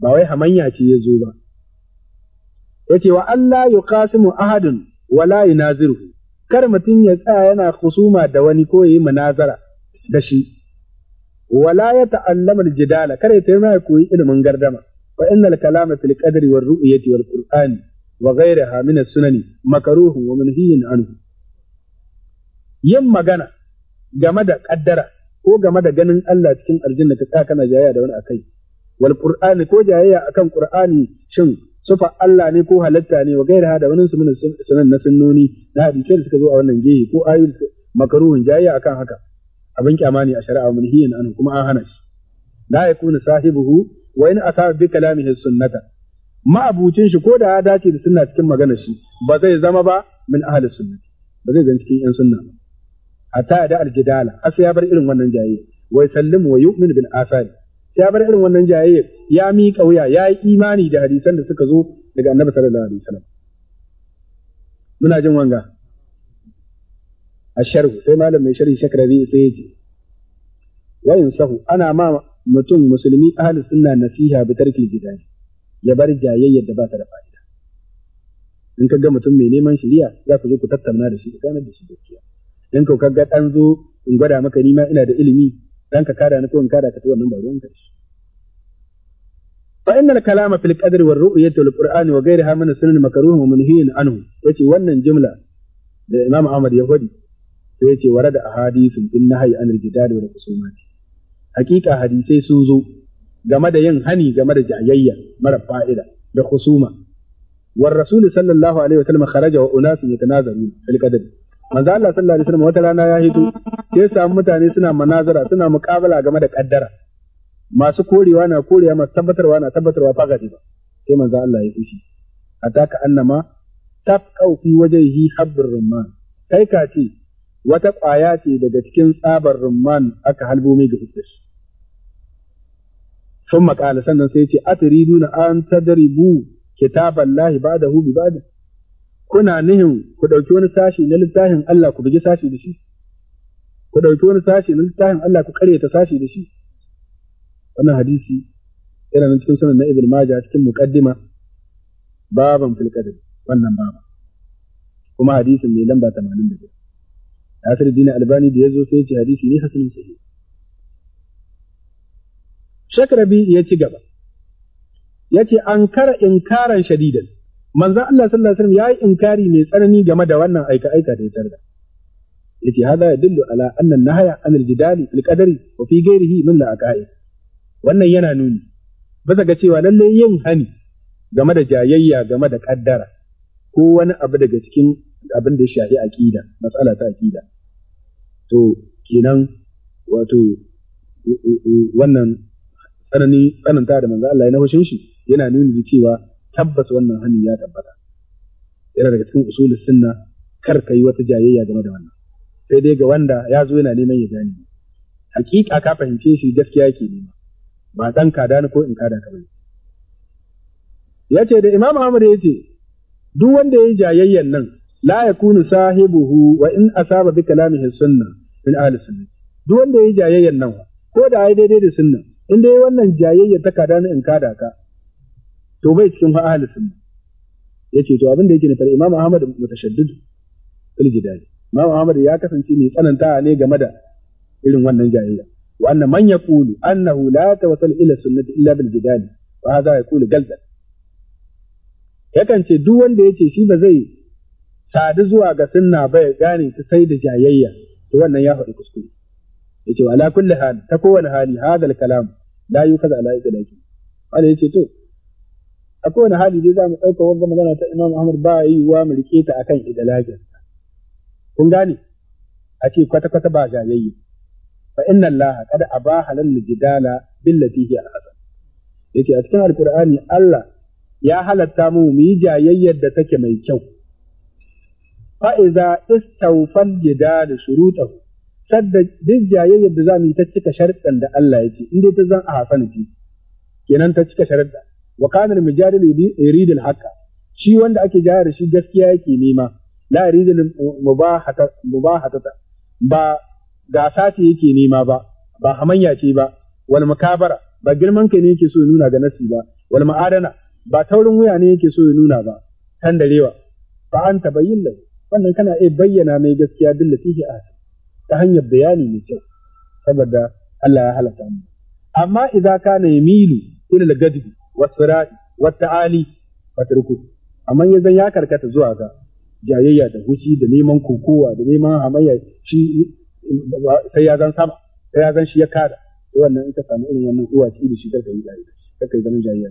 ba wai hamanya ce ya zo ba yace wa Allah yuqasimu ahadun wala yunaziru kar mutum ya tsaya yana husuma da wani ko yi munazara da shi wala ya ta'allama al-jidala kada ya ma koyi ilimin gardama fa innal kalama fil qadri war ru'yati wa ghayriha min sunani makruhun wa anhu yin magana game da kaddara ko game da ganin Allah cikin aljanna ka sa kana jayayya da wani akai wal qur'ani ko jayayya akan qur'ani shin sufa Allah ne ko halatta ne wa da wani na na da suka zo a wannan gehe ko ayoyi makaruhun akan haka abin kyama ne a shari'a mun munhiyan anhu kuma an hana shi la yakunu sahibuhu wa in asaba bi kalamihi sunnata ma'abucin shi ko da ya dace da sunna cikin magana shi ba zai zama ba min ahli sunna ba zai zama cikin yan sunna ba hatta da aljidala asa ya bar irin wannan jayayya wa yusallimu wa yu'minu bil asari ya bar irin wannan jayayya ya miƙa wuya ya yi imani da hadisan da suka zo daga annabi sallallahu alaihi wasallam muna jin wanga sharhu, sai malam mai sharhi shakrabi sai yace wa sahu ana ma mutum musulmi ahli sunna nasiha bi tarkil jidal ya bar jayayyar da ba ta da fa'ida in ka ga mutum mai neman shiriya za ku zo ku tattauna da shi ka gane da shi gaskiya in ka ga dan zo in gwada maka ni ma ina da ilimi dan ka ni ko in ka ba ruwan ka shi فإن الكلام في القدر والرؤية والقرآن وغيرها من السنن مكروه ومنهي عنه يتي wannan jumla da Imam Ahmad ya gwadi sai ce, yace warada ahadithun bin nahyi anil jidal wal khusumati hakika hadisai sun zo game da yin hani game da jayayya mara fa'ida da khusuma war rasul sallallahu alaihi wasallam kharaja wa unasun yatanazaru fil qadar manzo Allah sallallahu alaihi wasallam wata rana ya hito sai samu mutane suna manazara suna muqabala game da kaddara masu korewa na korewa masu tabbatarwa na tabbatarwa fa gadi ba sai manzo Allah ya fushi ataka annama tafqau fi wajhihi habrun ma kai ka ce wata ƙwaya ce daga cikin tsabar rumman aka halbo mai ga hukus. sun maƙala sannan sai ce nuna an tadribu kitaban lahi hubi ba da. kuna nihin ku ɗauki wani sashi na littafin Allah ku bugi sashi da shi ku ɗauki wani sashi na littafin Allah ku karyata sashi da shi wannan hadisi yana nan cikin sunan na Ibn Majah cikin muqaddima baban fil wannan baba kuma hadisin mai lamba 85 Nasir Dina Albani da ya zo sai ya ce hadisi ne hasanin sahih. Shek Rabi ya ci gaba. Ya ce an kara inkaran shadidan. Manzan Allah sallallahu alaihi wasallam ya yi inkari mai tsanani game da wannan aika aika da ya tarda. Ya ce hada ya dillu ala annan nahaya anil jidali fil qadari wa fi ghairihi min la aqai Wannan yana nuni bisa ga cewa lallai yin hani game da jayayya game da kaddara ko wani abu daga cikin abin da ya shafi aqida matsala ta aqida to kenan wato wannan tsanani tsananta da manzo Allah ya na hoshin shi yana nuni da cewa tabbas wannan hannun ya tabbata yana daga cikin usulul sunna kar kai wata jayayya game da wannan sai dai ga wanda ya zo yana neman ya gane hakika ka fahimce shi gaskiya yake nema ba dan kada dana ko in kada ka bane ya ce da Imam Ahmad ya ce duk wanda ya yi jayayyan nan la yakunu sahibuhu wa in asaba bi kalamihi sunna min ahli sunna duk wanda yayi jayayyan nan ko da ai daidai da sunna in dai wannan jayayya ta kada ni in kada ka to bai cikin fa ahli sunna yace to abin da yake ne fara imam ahmad mutashaddid fil jidal imam ahmad ya kasance mai tsananta ne game da irin wannan jayayya wa anna man yaqulu annahu la tawassal ila sunnati illa bil jidal wa hadha yaqulu galdan yakan ce duk wanda yace shi ba zai sadu zuwa ga sunna bai gane ta sai da jayayya to wannan ya faɗi kuskure yace wa ala kulli hal ta kowane hali hadal kalam la yukaza ala idlaki wala yace to a kowane hali dai za mu ɗauka wanda magana ta Imam Ahmad ba yi wa mu ta akan idlakin kun gane a ce kwata kwata ba jayayya fa inna Allah qad abaha lil jidala billati hiya al-asl yace a cikin alqur'ani Allah ya halatta mu mu yi jayayyar da take mai kyau fa'iza istawfal da shurutahu sadda duk yadda da zamu yi ta cika sharuɗan da Allah ya ce in dai ta zan a hasana kenan ta cika sharuɗa wa kana al mujadil yurid al haka? shi wanda ake jayar shi gaskiya yake nema la yurid al ba gasa ce yake nema ba ba hamayya ce ba wal mukabara ba girman kai ne yake so ya nuna ga nasi ba wal ma'adana ba taurin wuya ne yake so ya nuna ba tandarewa Ba an yin lahu wannan kana iya bayyana mai gaskiya billatihi a ta hanyar bayani mai kyau saboda Allah ya halatta mu amma idza kana yamilu ila al-gadbi was-sirat wat-ta'ali fatruku amma yanzu ya karkata zuwa ga jayayya da huci da neman kokowa da neman hamayya shi sai ya zan sama sai ya zan shi ya kada wannan in ka samu irin wannan uwa ci da shi kar ka yi jayayya kar ka yi zaman jayayya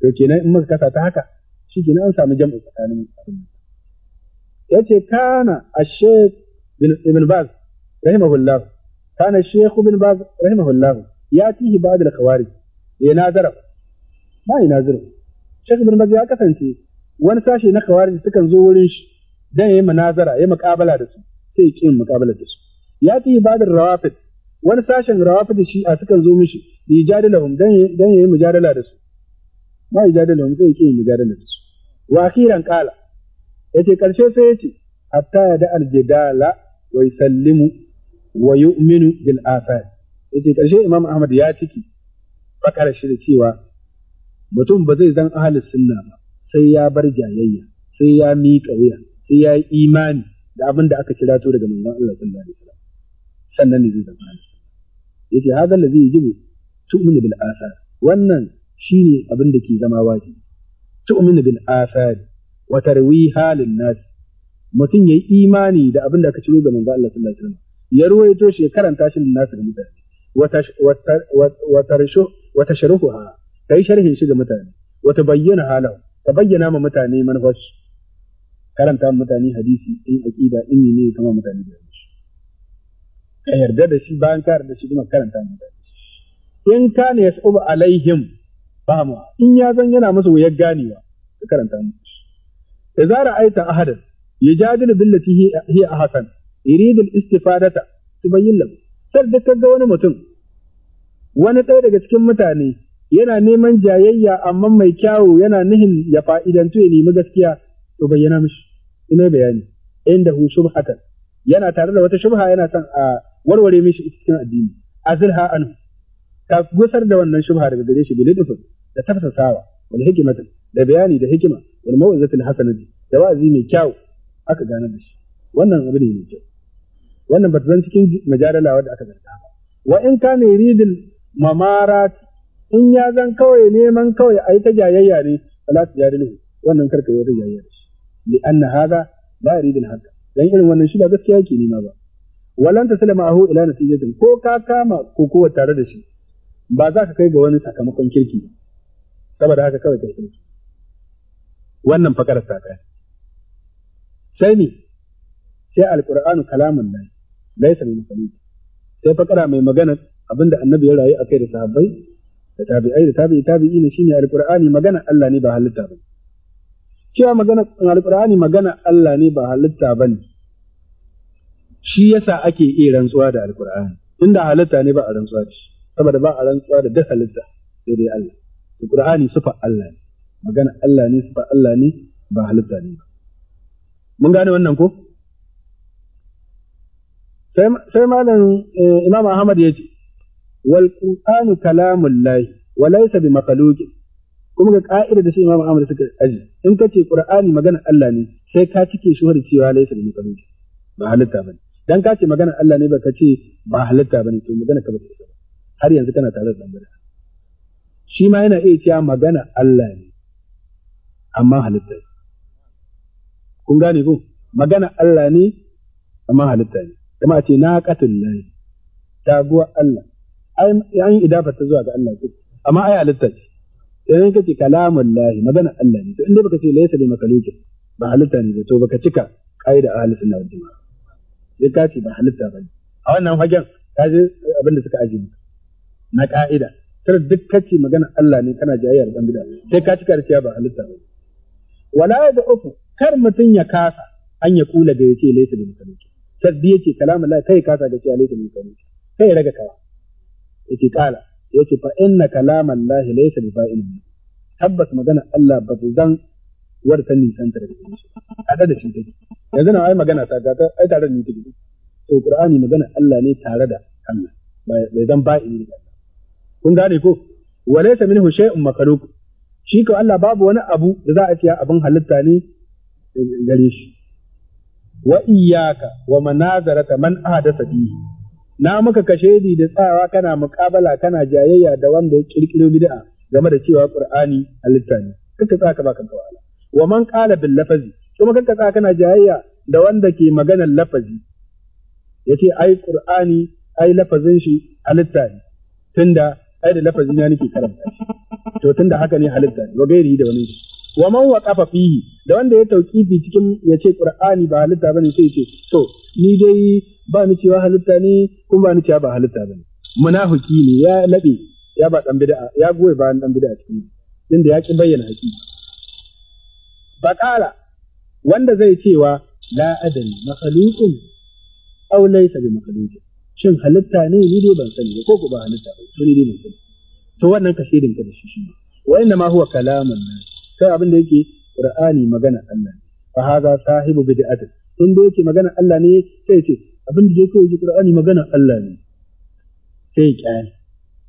to kenan in muka kasa ta haka shi kenan an samu jam'i tsakanin mu. yace kana ash-shaykh ibn baz rahimahullah kana ash-shaykh ibn baz rahimahullah yatihi ba'd al-khawarij ya nazara ba ina zira shaykh ibn baz ya kasance wani sashi na khawarij sukan zo wurin shi dan yayi munazara yayi muqabala da su sai ya kin muqabala da su yatihi ba'd al-rawafid wani sashen rawafid shi a sukan zo mishi yijadalahum dan dan yayi mujadala da su ba ma yijadalahum sai ya kin mujadala da su wa akhiran qala yace karshe sai yace hatta ya da aljidala wa yusallimu wa yu'minu bil afat yace karshe imam ahmad ya ciki bakar shi da cewa mutum ba zai zan hali sunna ba sai ya bar jayayya sai ya miƙa wuya sai ya yi imani da abin da aka kira daga manzon Allah sallallahu alaihi wasallam sannan ne zai zama ahlus yace hada allazi yajibu tu'minu bil athar wannan shine abin da ke zama wajibi tu'minu bil athar wa tarwiha lin nas mutum yi imani da abin da aka ciro ga manzo Allah sallallahu alaihi wasallam ya ruwaito shi karanta shi lin nas ga mutane wa tarshu wa tashruhuha kai sharhin shi ga mutane wa tabayyana halahu ka bayyana ma mutane manufar shi karanta mutane hadisi in aqida in ne kama mutane da shi ka yarda da shi bayan ka yarda shi kuma karanta mutane in kana yas'ubu alaihim fahmu in ya zan yana musu wuyar ganewa ka karanta musu idza ra'aita ahadan yujadilu billati hiya ahsan yuridu al-istifadata tubayyin lahu sai da kaga wani mutum wani ɗaya daga cikin mutane yana neman jayayya amma mai kyawu yana nihin ya fa'idantu ya nemi gaskiya to bayyana mishi ina bayani inda hu shubhatan yana tare da wata shubha yana son a warware mishi ita cikin addini azilha anhu ka gusar da wannan shubha daga gare shi bilidufin da tafsasawa Wani hikmatan da bayani da hikima wal mawizatil hasanati da wa'azi mai kyau aka gane da shi wannan abu ne mai kyau wannan bata zan cikin majadala wadda aka zarta ba wa in ka kana yuridul mamarat in ya zan kawai neman kawai a yi ta jayayya ne fala tujadilu wannan karka yi ta jayayya da shi li anna hadha la yuridul haqq dan irin wannan shi ba gaskiya yake nema ba walan taslima ahu ila natijatin ko ka kama ko kowa tare da shi ba za ka kai ga wani sakamakon kirki ba saboda haka kawai kai sulki wannan fakarar ta kai sai ne sai alqur'anu kalamun nan laysa min makhluq sai fakara mai magana abinda annabi ya rayu akai da sahabbai da tabi'ai da tabi'i tabi'ina shine alqur'ani magana Allah ne ba halitta ba cewa magana alqur'ani magana Allah ne ba halitta bane shi yasa ake iya rantsuwa da alqur'ani inda halitta ne ba a rantsuwa shi saboda ba a rantsuwa da duk halitta sai dai Allah Alƙur'ani sifar Allah ne, magana Allah ne sifar Allah ne ba halitta ne ba. Mun gane wannan ko? Sai malam eh, Imam Ahmad ya ce, wal Qur'anu kalamun lahi wa laysa bi makhluqin kuma ga ka'ida da sai Imam Ahmad suka aji in ka ce Qur'ani magana Allah ne sai ka cike shuhar cewa laysa bi makhluqin ba halitta ne, dan ka ce magana Allah ne ba ka ce ba halitta ba ne, to magana ka ba har yanzu kana tare da zambara shi ma yana iya cewa magana Allah ne amma halitta ne kun gane ko magana Allah ne amma halitta ne kuma ce na qatil lahi taguwa Allah an yi idafa ta zuwa ga Allah ko amma ai halitta ce idan ka ce kalamun lahi magana Allah ne to inda baka ce laisa ne makalukin ba halitta ne ba to baka cika kaida a halittar na jamaa sai ka ce ba halitta ba a wannan fagen ka ji abin da suka ajiye na ka'ida tare duk kace magana Allah ne kana jayyar dan bid'a sai ka cika da cewa ba halitta ba wala da ufu kar mutun ya kasa an ya kula da yace laysa bi makaluki sabbi yace kalamu la kai kasa da cewa laysa bi makaluki kai raga kawa yace kala yace fa inna kalama Allah laysa bi ba'il tabbas magana Allah ba zan war san nisan ta da shi kada da shi take yanzu na ai magana ta ga ai tare da ni take to qur'ani magana Allah ne tare da Allah bai zan ba'il da kun gane ko walaysa minhu shay'un makhluq shi ko Allah babu wani abu da za a ciya abin halitta ne gare shi wa iyyaka wa manazarata man ahdatha bihi na kashe kashedi da tsawa kana muƙabala kana jayayya da wanda ya kirkiro bid'a game da cewa qur'ani halitta ne kaka tsaka ka baka wala wa man qala bil lafazi kuma kanka tsaka kana jayayya da wanda ke maganar lafazi yace ai qur'ani ai lafazin shi halitta ne tunda ai da lafazin ya nake karanta shi to tunda haka ne halitta wa gairi da wani wa man waqafa fihi da wanda ya bi cikin ya ce qur'ani ba halitta bane sai ya ce to ni dai ba ni cewa halitta ne kuma ba ni cewa ba halitta bane munafiki ne ya labe ya ba dan bid'a ya goye bayan dan bid'a cikin inda ya ki bayyana Ba baqala wanda zai cewa la adani makhluqun aw laysa bi makhluqin shin halitta ne ni dai ban sani ba ko ko ba halitta ba to ni dai ban sani to wannan ka shedin ka da shi shi wa inna ma huwa kalamun nas kai abin da yake qur'ani magana Allah ne fa haza sahibu bid'ati in da yake magana Allah ne sai ce abin da yake yi qur'ani magana Allah ne sai ya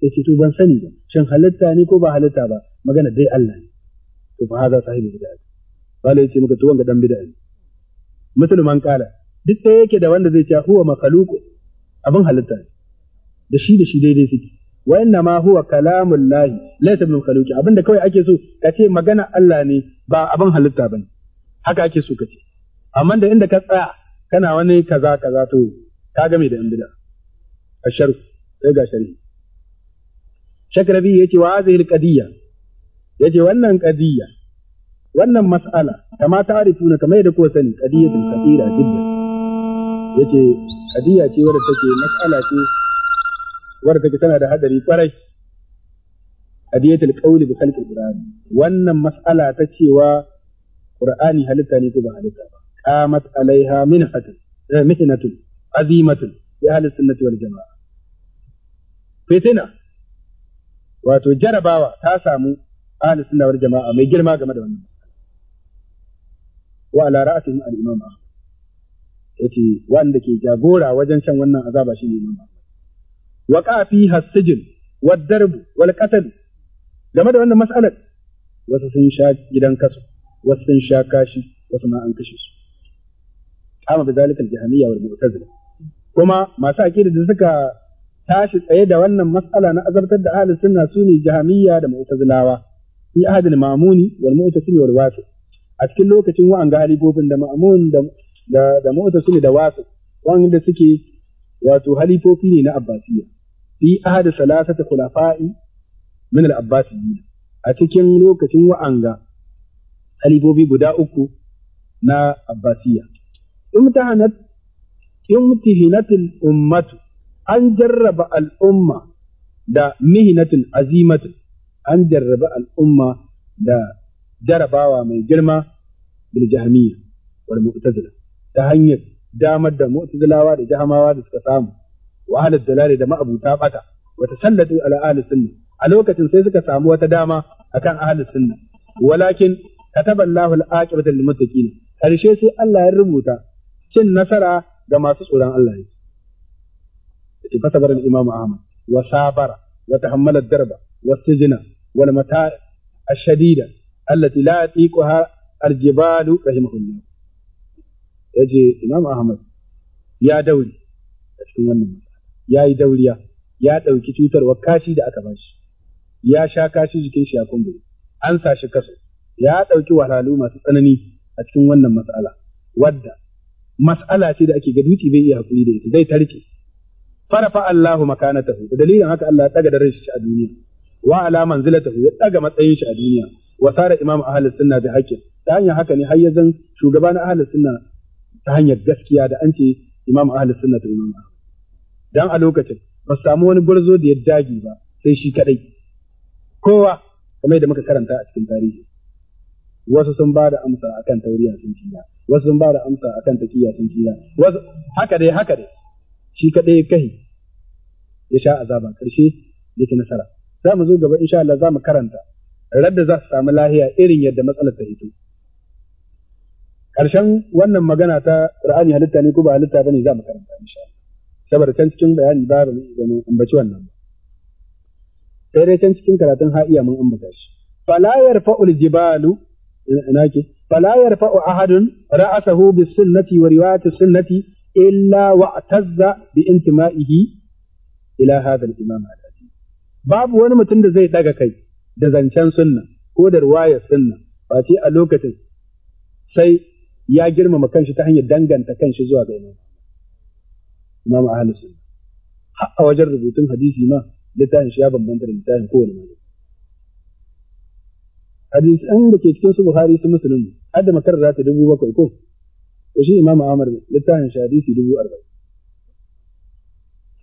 ya ce to ban sani ba shin halitta ne ko ba halitta ba magana dai Allah ne to fa haza sahibu bid'ati wala yace maka to wanga dan bid'a ne musulman kala duk da yake da wanda zai ce huwa makhluqun abin halitta ne da shi da shi daidai suke wa inna ma huwa kalamun lahi laysa bil khaluqi abinda kawai ake so ka ce magana Allah ne ba abin halitta bane haka ake so ka ce amma da inda ka tsaya kana wani kaza kaza to ka game da yan asharu sai ga shari'i shakrabi yace wa hadhihi al qadiyya yace wannan qadiyya wannan mas'ala kama ta'rifuna kamar yadda ko sani qadiyyatun kathira jiddan yace kadiya ce wadda take mas'ala ce wadda take tana da hadari kwarai kadiyatul qawli bi khalqil qur'an wannan mas'ala ta cewa qur'ani halitta ne ko ba halitta ba qamat alaiha minhatun eh, mihnatun azimatun li ahli sunnati wal jamaa fitina wato jarabawa ta samu ahli sunna wal jamaa mai girma game da wannan wa ala ra'atihim al-imam ahmad yace wanda ke jagora wajen shan wannan azaba shine Imam Ahmad wa qafi hasjin wa darb wal qatl game da wannan mas'alar wasu sun sha gidan kasu wasu sun sha kashi wasu ma an kashe su kama da zalikal jahamiyya wal mu'tazila kuma masu aqida da suka tashi tsaye da wannan mas'ala na azabtar da ahlus sunna sune jahamiyya da mu'tazilawa fi ahadil mamuni wal mu'tasimi wal wafi a cikin lokacin wa'an galibobin da ma'amun da da da mu'tasim da wasu wanda suke wato halifofi ne na abbasiyya fi ahad salasata khulafa'i min al-abbasiyyin a cikin lokacin wa'anga halifofi guda uku na abbasiyya in imtihinatil ummatu an jarraba al'umma da mihinatin azimatu. an jarraba al'umma da jarabawa mai girma bil jahmiya wal mu'tazila ta hanyar damar da mu'tazilawa da jahamawa da suka samu wa ahlud dalali da ma'abuta bata wa tasallatu ala ahli sunna a lokacin sai suka samu wata dama akan ahli sunna walakin kataba Allahu al-aqibata lil muttaqin karshe sai Allah ya rubuta cin nasara ga masu tsoron Allah ne yace fasabar al-imam Ahmad wa sabara wa tahammala ad-darba wa sijna wal mata'a ash-shadida allati la yatiquha al-jibalu rahimahullah ya je imam ahmad ya dauri a cikin wannan matsala ya yi dauriya ya ɗauki cutarwar kashi da aka ba shi ya sha kashi jikin shi a kumbure an sa shi kaso ya ɗauki wahalhalu masu tsanani a cikin wannan matsala wadda mas'ala ce da ake ga duki bai iya hakuri da ita zai tarke farafa Allahu makanatahu da dalilin haka Allah ya daga darajar shi a duniya wa ala manzilatahu ya daga matsayin shi a duniya wa sara imam ahlus sunna bi hakki ta hanyar haka ne har ya shugaban shugaba na ahlus sunna ta hanyar gaskiya da an ce imam ahlus sunna da imam ahmad dan a lokacin ba samu wani gwarzo da ya dage ba sai shi kadai kowa kamar da muka karanta a cikin tarihi wasu sun ba da amsa akan tauriya sun tsira wasu sun ba da amsa akan taqiya sun tsira wasu haka dai haka dai shi kadai ya kahi ya sha azaba karshe ya ci nasara za mu zo gaba insha Allah za mu karanta radda za su samu lahiya irin yadda matsalar ta hito karshen wannan magana ta Qur'ani halitta ne ko ba halitta bane za mu karanta insha Allah saboda can cikin bayani ba ba mu ambaci wannan ba sai dai can cikin karatun ha'iya mun ambata shi fala yarfa'u aljibalu nake fala yarfa'u ahadun ra'asahu bis sunnati wa riwayati sunnati illa wa'tazza bi intima'ihi ila hadha al-imam babu wani mutum da zai daga kai da zancen sunna ko da riwayar sunna face a lokacin sai يا جرم ما كانش تحني دنجن تكنش زوا بينه ما ما أهل السنة أوجر ربوتين حديثي ما لتاه شياب بندر لتاه كون ما حديث عند كيتكن سو بخاري سو مسلم عند ما كر رات دبو بكو كون وشي إمام عمر لتاه شاديسي دبو أربع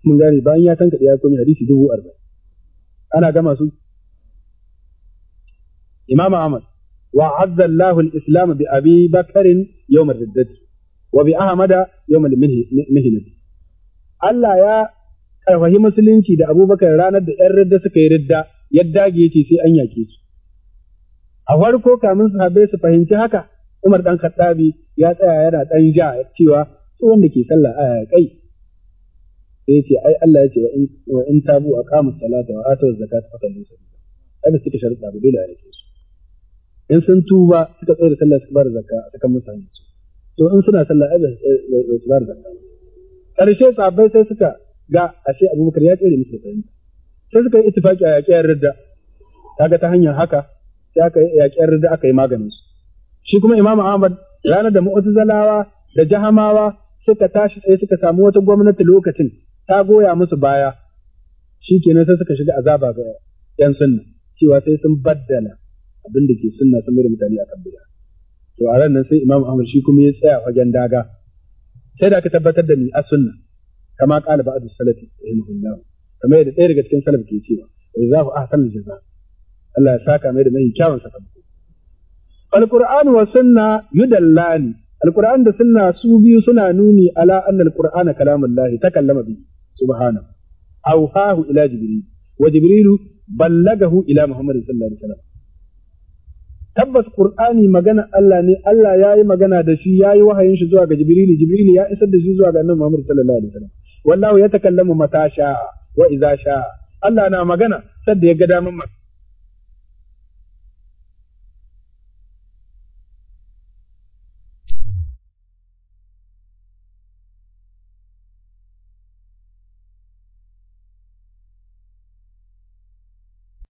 من غاري بان يا تنك يا كومي حديثي دبو أربع أنا جمع سو إمام عمر wa azza Allahu al-islam bi Abi Bakr yawm ar-riddah wa bi Ahmad yawm al Allah ya karfahi musulunci da Abubakar ranar da ‘yan ridda suka yi ridda yadda ya ce sai an yake su. A farko kamin sahabbai su fahimci haka, Umar ɗan Khattabi ya tsaya yana ɗan ja cewa su wanda ke sallah a kai. Sai ya ce ai Allah ya ce wa in tabu a kamun salata wa atawar zakat fa kallu sabila. Ai da suka sharuɗa ba dole a rike su. in sun tuba suka tsaye da sallah suka bar zakka a cikin mutane su to in suna sallah ai ba su bar zakka karshe sabai sai suka ga ashe Abubakar ya tsere musu da sai suka yi ittifaki a yaƙiyar ridda kaga ta hanyar haka sai aka yi yaƙiyar ridda aka yi maganin su shi kuma Imam Ahmad ranar da Mu'tazilawa da Jahamawa suka tashi sai suka samu wata gwamnati lokacin ta goya musu baya shikenan sai suka shiga azaba ga yan sunna cewa sai sun baddala abin da ke sunna sun da mutane akan bid'a to a ran nan sai Imam Ahmad shi kuma ya tsaya fagen daga sai da aka tabbatar da ni a sunna kama qala ba'd salafi rahimahullah kamar yadda ɗaya daga cikin salaf ke cewa wa jazahu ahsanul jaza Allah ya saka mai da mai kyawun sakamako القرآن والسنة يدلان القرآن والسنة سوبي سنة نوني على أن القرآن كلام الله تكلم به سبحانه أوهاه إلى جبريل وجبريل بلغه إلى محمد صلى الله عليه وسلم tabbas qur'ani magana Allah ne Allah ya yi magana da shi ya yi wahayin shi zuwa ga jibrili jibrili ya isar da shi zuwa ga annabi Muhammad sallallahu alaihi wasallam wallahu yatakallamu mata sha wa idza sha Allah na magana sadda ya ga daman